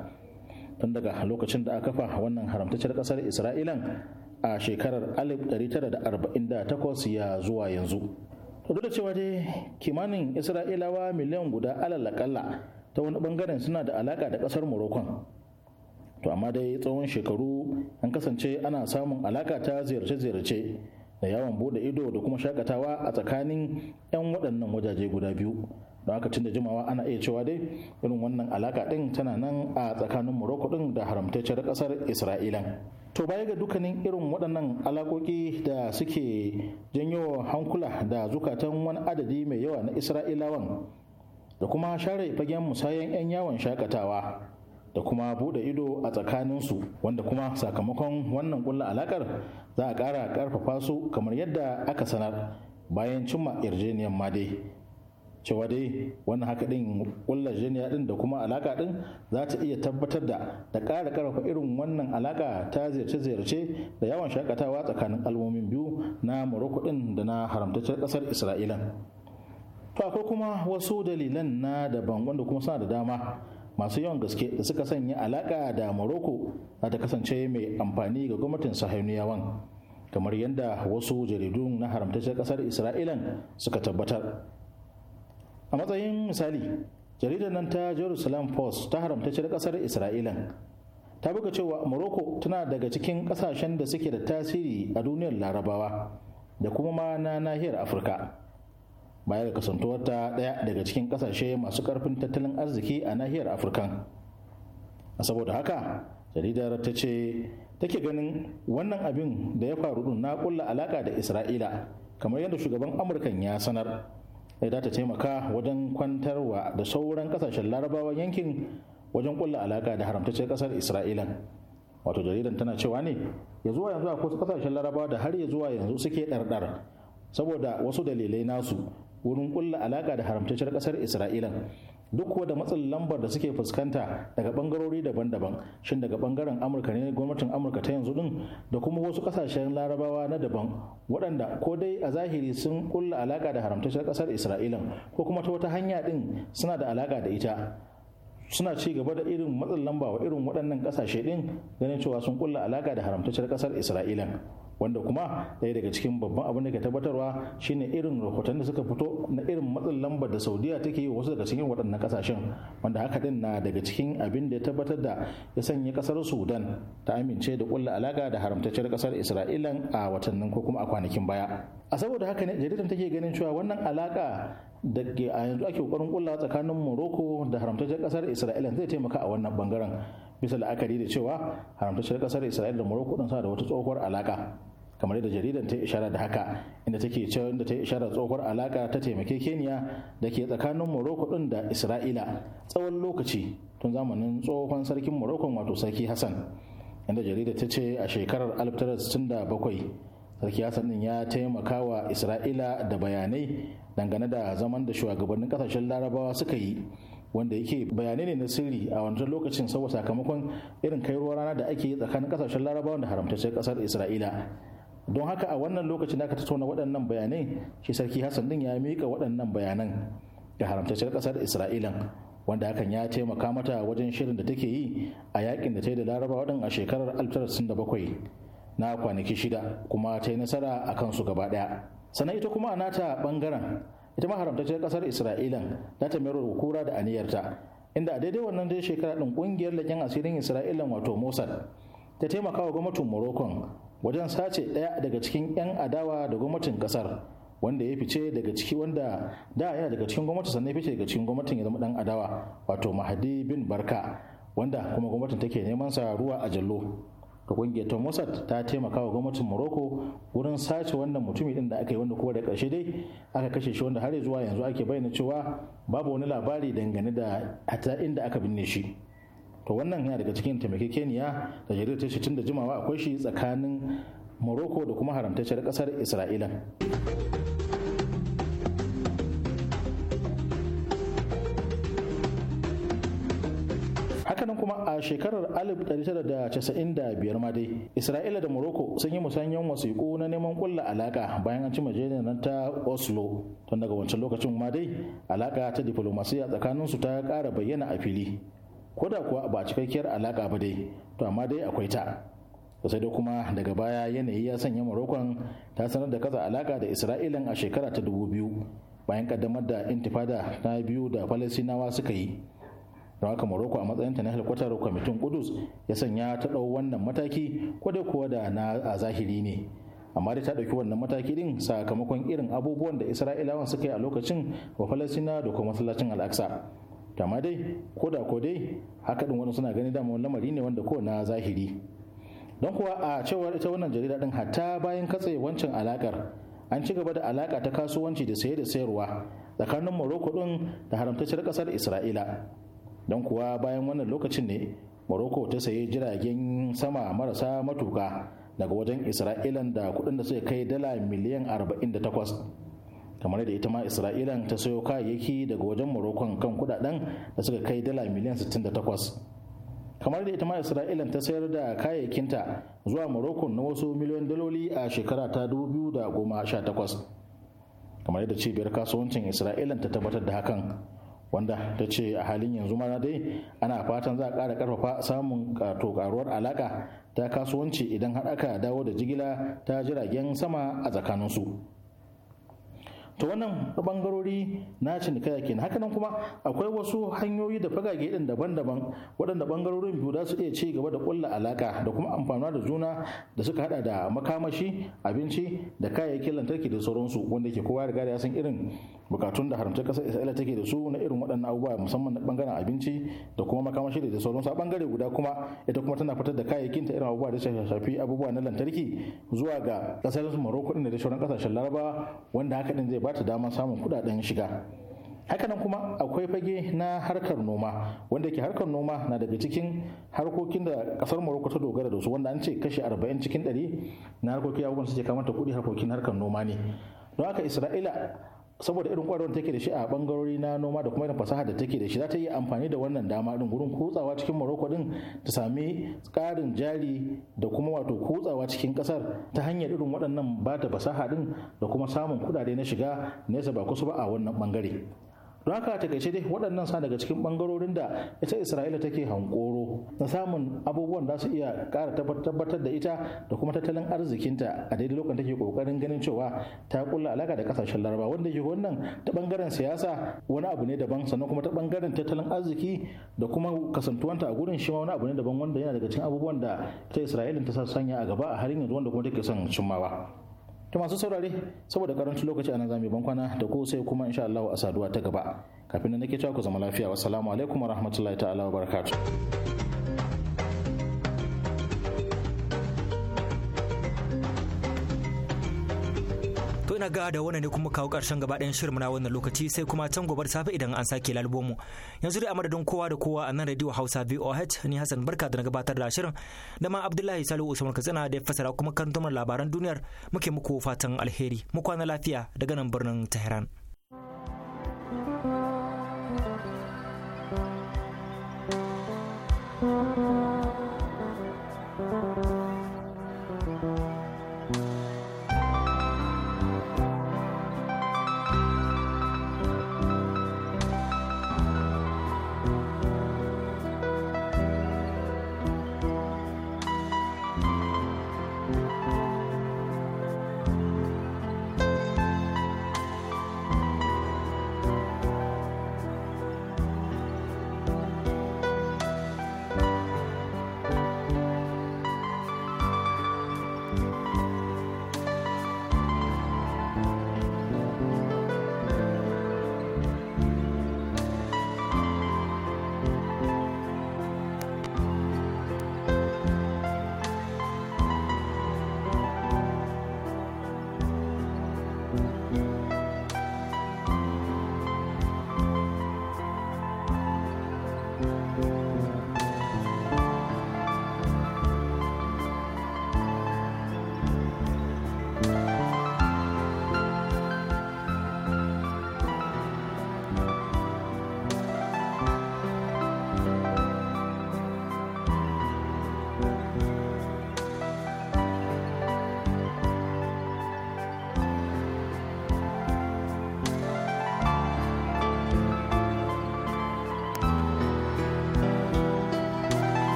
tun daga lokacin da aka kafa wannan haramtacciyar ƙasar Isra'ila a shekarar 1948 ya zuwa yanzu duk da cewa dai kimanin Isra'ilawa miliyan guda alal ta wani bangaren suna da alaka da ƙasar Morocco to amma dai tsawon shekaru an kasance ana samun alaka ta ziyarce-ziyarce da yawon bude ido da kuma shakatawa a tsakanin 'yan waɗannan wajaje guda biyu don haka tun da jimawa ana iya cewa dai irin wannan alaka ɗin tana nan a tsakanin morocco ɗin da haramtaccen ƙasar isra'ilan to baya ga dukkanin irin waɗannan alakoki da suke janyo hankula da zukatan wani adadi mai yawa na isra'ilawan da kuma share fagen musayen 'yan yawon shakatawa da kuma bude ido a tsakaninsu wanda kuma sakamakon wannan kulla alakar za a ƙara ƙarfafa su kamar yadda aka sanar bayan cimma yarjejeniyar ma dai cewa dai wannan haka din kullar jeniya din da kuma alaka ɗin za ta iya tabbatar da da ƙara ƙarfafa irin wannan alaka ta ziyarce-ziyarce da yawan shakatawa tsakanin almomin biyu na Morocco ɗin da na haramtaccen ƙasar Isra'ila. To akwai kuma wasu dalilan na daban wanda kuma suna da dama masu yawan gaske da suka sanya alaka da morocco za ta kasance mai amfani ga gwamnatin sahiyoniyawan kamar yadda wasu jaridun na haramtaccen kasar isra'ilan suka tabbatar a matsayin misali jaridar nan ta jerusalem post ta haramtaccen kasar isra'ilan ta buga cewa morocco tana daga cikin kasashen da suke da tasiri a duniyar larabawa da kuma ma na nahiyar afirka baya da kasantuwar ta ɗaya daga cikin ƙasashe masu karfin tattalin arziki a nahiyar afirka saboda haka jaridar ta ce take ganin wannan abin da ya faru din na kulla alaka da isra'ila kamar yadda shugaban amurkan ya sanar da ta taimaka wajen kwantarwa da sauran kasashen larabawa yankin wajen kulla alaka da haramtaccen kasar isra'ila wato jaridar tana cewa ne ya zuwa yanzu akwai kasashen larabawa da har ya zuwa yanzu suke ɗarɗar saboda wasu dalilai nasu wurin kulla alaka da haramtacciyar kasar isra'ila duk da matsin lambar da suke fuskanta daga bangarori daban-daban shin daga bangaren amurka ne gwamnatin amurka ta yanzu din da kuma wasu kasashen larabawa na daban waɗanda ko dai a zahiri sun kulla alaka da haramtacciyar kasar isra'ila ko kuma ta wata hanya din suna da alaka da ita suna ci gaba da irin matsin lamba wa irin waɗannan kasashe din ganin cewa sun kulla alaka da haramtacciyar kasar isra'ila wanda kuma ɗaya daga cikin babban abin da ke tabbatarwa shine irin rahoton da suka fito na irin matsin lambar da saudiya take yi wasu daga cikin waɗannan ƙasashen wanda haka din na daga cikin abin da ya tabbatar da ya sanya ƙasar sudan ta amince da ƙulla alaƙa da haramtacciyar ƙasar isra'ilan a watannin ko kuma a kwanakin baya a saboda haka ne jaridar take ganin cewa wannan alaƙa da a yanzu ake ƙoƙarin ƙulla tsakanin morocco da haramtacciyar ƙasar isra'ilan zai taimaka a wannan bangaren bisa la'akari da cewa haramtacciyar ƙasar isra'ila da morocco ɗin sa da wata tsohuwar alaƙa kamar yadda jaridar ta ishara da haka inda take cewa inda ta ishara tsohuwar alaka ta taimakekeniya da ke tsakanin Morocco din da Isra'ila tsawon lokaci tun zamanin tsohon sarkin Morocco wato sarki Hassan inda jaridar ta ce a shekarar 1967 sarki Hassan din ya taimaka wa Isra'ila da bayanai dangane da zaman da shugabannin kasashen Larabawa suka yi wanda yake bayanai ne na sirri a wancan lokacin saboda sakamakon irin kai rana da ake yi tsakanin kasashen larabawa da haramtaccen kasar isra'ila don haka a wannan lokacin da aka tattauna waɗannan bayanai shi sarki hassan din ya mika waɗannan bayanan ga haramtacciyar ƙasar isra'ilan wanda hakan ya taimaka mata wajen shirin da take yi a yakin da ta yi da larabawa din a shekarar 1967 na kwanaki shida kuma ta yi nasara a kansu gaba ɗaya sannan ita kuma a nata bangaren ita ma haramtacciyar ƙasar isra'ilan za ta mayar da kura da aniyarta inda a daidai wannan dai shekara ɗin ƙungiyar laƙen asirin isra'ilan wato mosad ta taimaka wa gwamnatin morocco wajen sace ɗaya daga cikin 'yan adawa da gwamnatin kasar wanda ya fice daga ciki wanda da yana daga cikin gwamnati sannan ya fice daga cikin gwamnatin ya zama dan adawa wato mahadi bin barka wanda kuma gwamnatin take neman sa ruwa a jallo ga kungiyar tom mossad ta taimaka wa gwamnatin morocco wurin sace wannan mutumi din da aka yi wanda kuma da karshe dai aka kashe shi wanda har zuwa yanzu ake bayyana cewa babu wani labari dangane da hata inda aka binne shi to wannan yana daga cikin taimakekeniya da jaridar ta tun da jimawa akwai shi tsakanin morocco da kuma haramtacciyar kasar isra'ila hakanan kuma a shekarar 1995 ma dai isra'ila da morocco sun yi musanyen wasiƙu na neman kulla alaka bayan an ci nan ta oslo tun daga wancan lokacin ma dai alaka ta diplomasiya tsakaninsu ta kara bayyana a fili ko da kuwa ba cikakkiyar alaka ba dai to amma dai akwai ta sai da kuma daga baya yanayi ya sanya marokon ta sanar da kaza alaka da isra'ilan a shekara ta dubu biyu bayan kaddamar da intifada na biyu da falasinawa suka yi don haka maroko a matsayinta na halkwatar kwamitin kudus ya sanya ta ɗau wannan mataki ko da kuwa da na a zahiri ne amma dai ta ɗauki wannan mataki din sakamakon irin abubuwan da isra'ilawan suka yi a lokacin wa falasina da kuma masallacin al'aksa tama dai ko da ko dai haka din wani suna ganin dama lamari ne wanda ko na zahiri don kuwa a cewar ita wannan jarida din hatta bayan katse wancan alakar an ci gaba da alaka ta kasuwanci da saye da sayarwa tsakanin Morocco din da haramtacciyar kasar Isra'ila don kuwa bayan wannan lokacin ne Morocco ta sayi jiragen sama marasa matuka daga wajen Isra'ilan da kuɗin da suka kai dala miliyan 48 kamar da ita ma isra'ila ta sayo kayayyaki daga wajen moroccan kan kudaden da suka kai dala miliyan 68 kamar da ita ma isra'ilan ta sayar da kayayyakinta zuwa moroccan na wasu miliyan daloli a shekara ta 2018 kamar da cibiyar kasuwancin isra'ilan ta tabbatar da hakan wanda ta ce a halin yanzu ma dai ana fatan za a ƙara ƙarfafa samun karuwar alaƙa ta kasuwanci idan har aka dawo da jigila ta jiragen sama a tsakaninsu. su ta wannan bangarori na cinikaya kenan hakanan kuma akwai wasu hanyoyi da fagage din daban-daban waɗanda bangarorin biyu za su iya ci gaba da ƙulla alaka da kuma amfanuwa da juna da suka hada da makamashi abinci da kayayyakin lantarki da sauransu wanda ke kowa riga da ya san irin bukatun da haramtar ƙasar isra'ila take da su na irin waɗannan abubuwa musamman na bangaren abinci da kuma makamashi da sauransu a bangare guda kuma ita kuma tana fitar da kayayyakin ta irin abubuwa da shafi abubuwa na lantarki zuwa ga ƙasar morocco din da sauran ƙasashen larabawa wanda haka din zai ba ta damar samun kudaden shiga hakanan kuma akwai fage na harkar noma wanda ke harkar noma na daga cikin harkokin da kasar morocco ta dogara da su wanda an ce kashi 40 cikin 100 na harkokin abubuwan suke kamata kudi harkokin harkar noma ne don haka isra'ila saboda irin kwarewar take da shi a bangarori na noma da kuma irin fasaha da take da shi za ta yi amfani da wannan dama din gurin kutsawa cikin Morocco din ta sami karin jari da kuma wato kutsawa cikin kasar ta hanyar irin waɗannan ba ta fasaha din da kuma samun kudade na shiga nesa ba kusa ba a wannan bangare zaka ta takaice dai waɗannan sa daga cikin ɓangarorin da ita isra'ila take hankoro na samun abubuwan da su iya ƙara tabbatar da ita da kuma tattalin arzikinta a daidai lokacin take kokarin ganin cewa ta kulla alaka da ƙasashen laraba wanda ke wannan ta ɓangaren siyasa wani abu ne daban sannan kuma ta ɓangaren tattalin arziki da kuma kasantuwanta a gurin shi ma wani abu ne daban wanda yana daga cikin abubuwan da ita isra'ila ta sanya a gaba a halin yanzu wanda kuma take son cimmawa. To masu saurare saboda karancin lokaci a nan zamu bankwana da ko sai kuma insha Allah a saduwa ta gaba. Kafin nan nake cewa ku zama lafiya. Wassalamu alaikum warahmatullahi ta'ala wabarakatuh. ga da wannan ne kuma kawo karshen gaba ɗayan shirin na wannan lokaci sai kuma can gobe da safe idan an sake lalubo mu yanzu dai a madadin kowa da kowa a nan radio hausa voh ni hassan barka da na gabatar da shirin da ma abdullahi Salu usman katsina da ya fasara kuma kan labaran duniyar muke muku fatan alheri mu kwana lafiya daga nan birnin tehran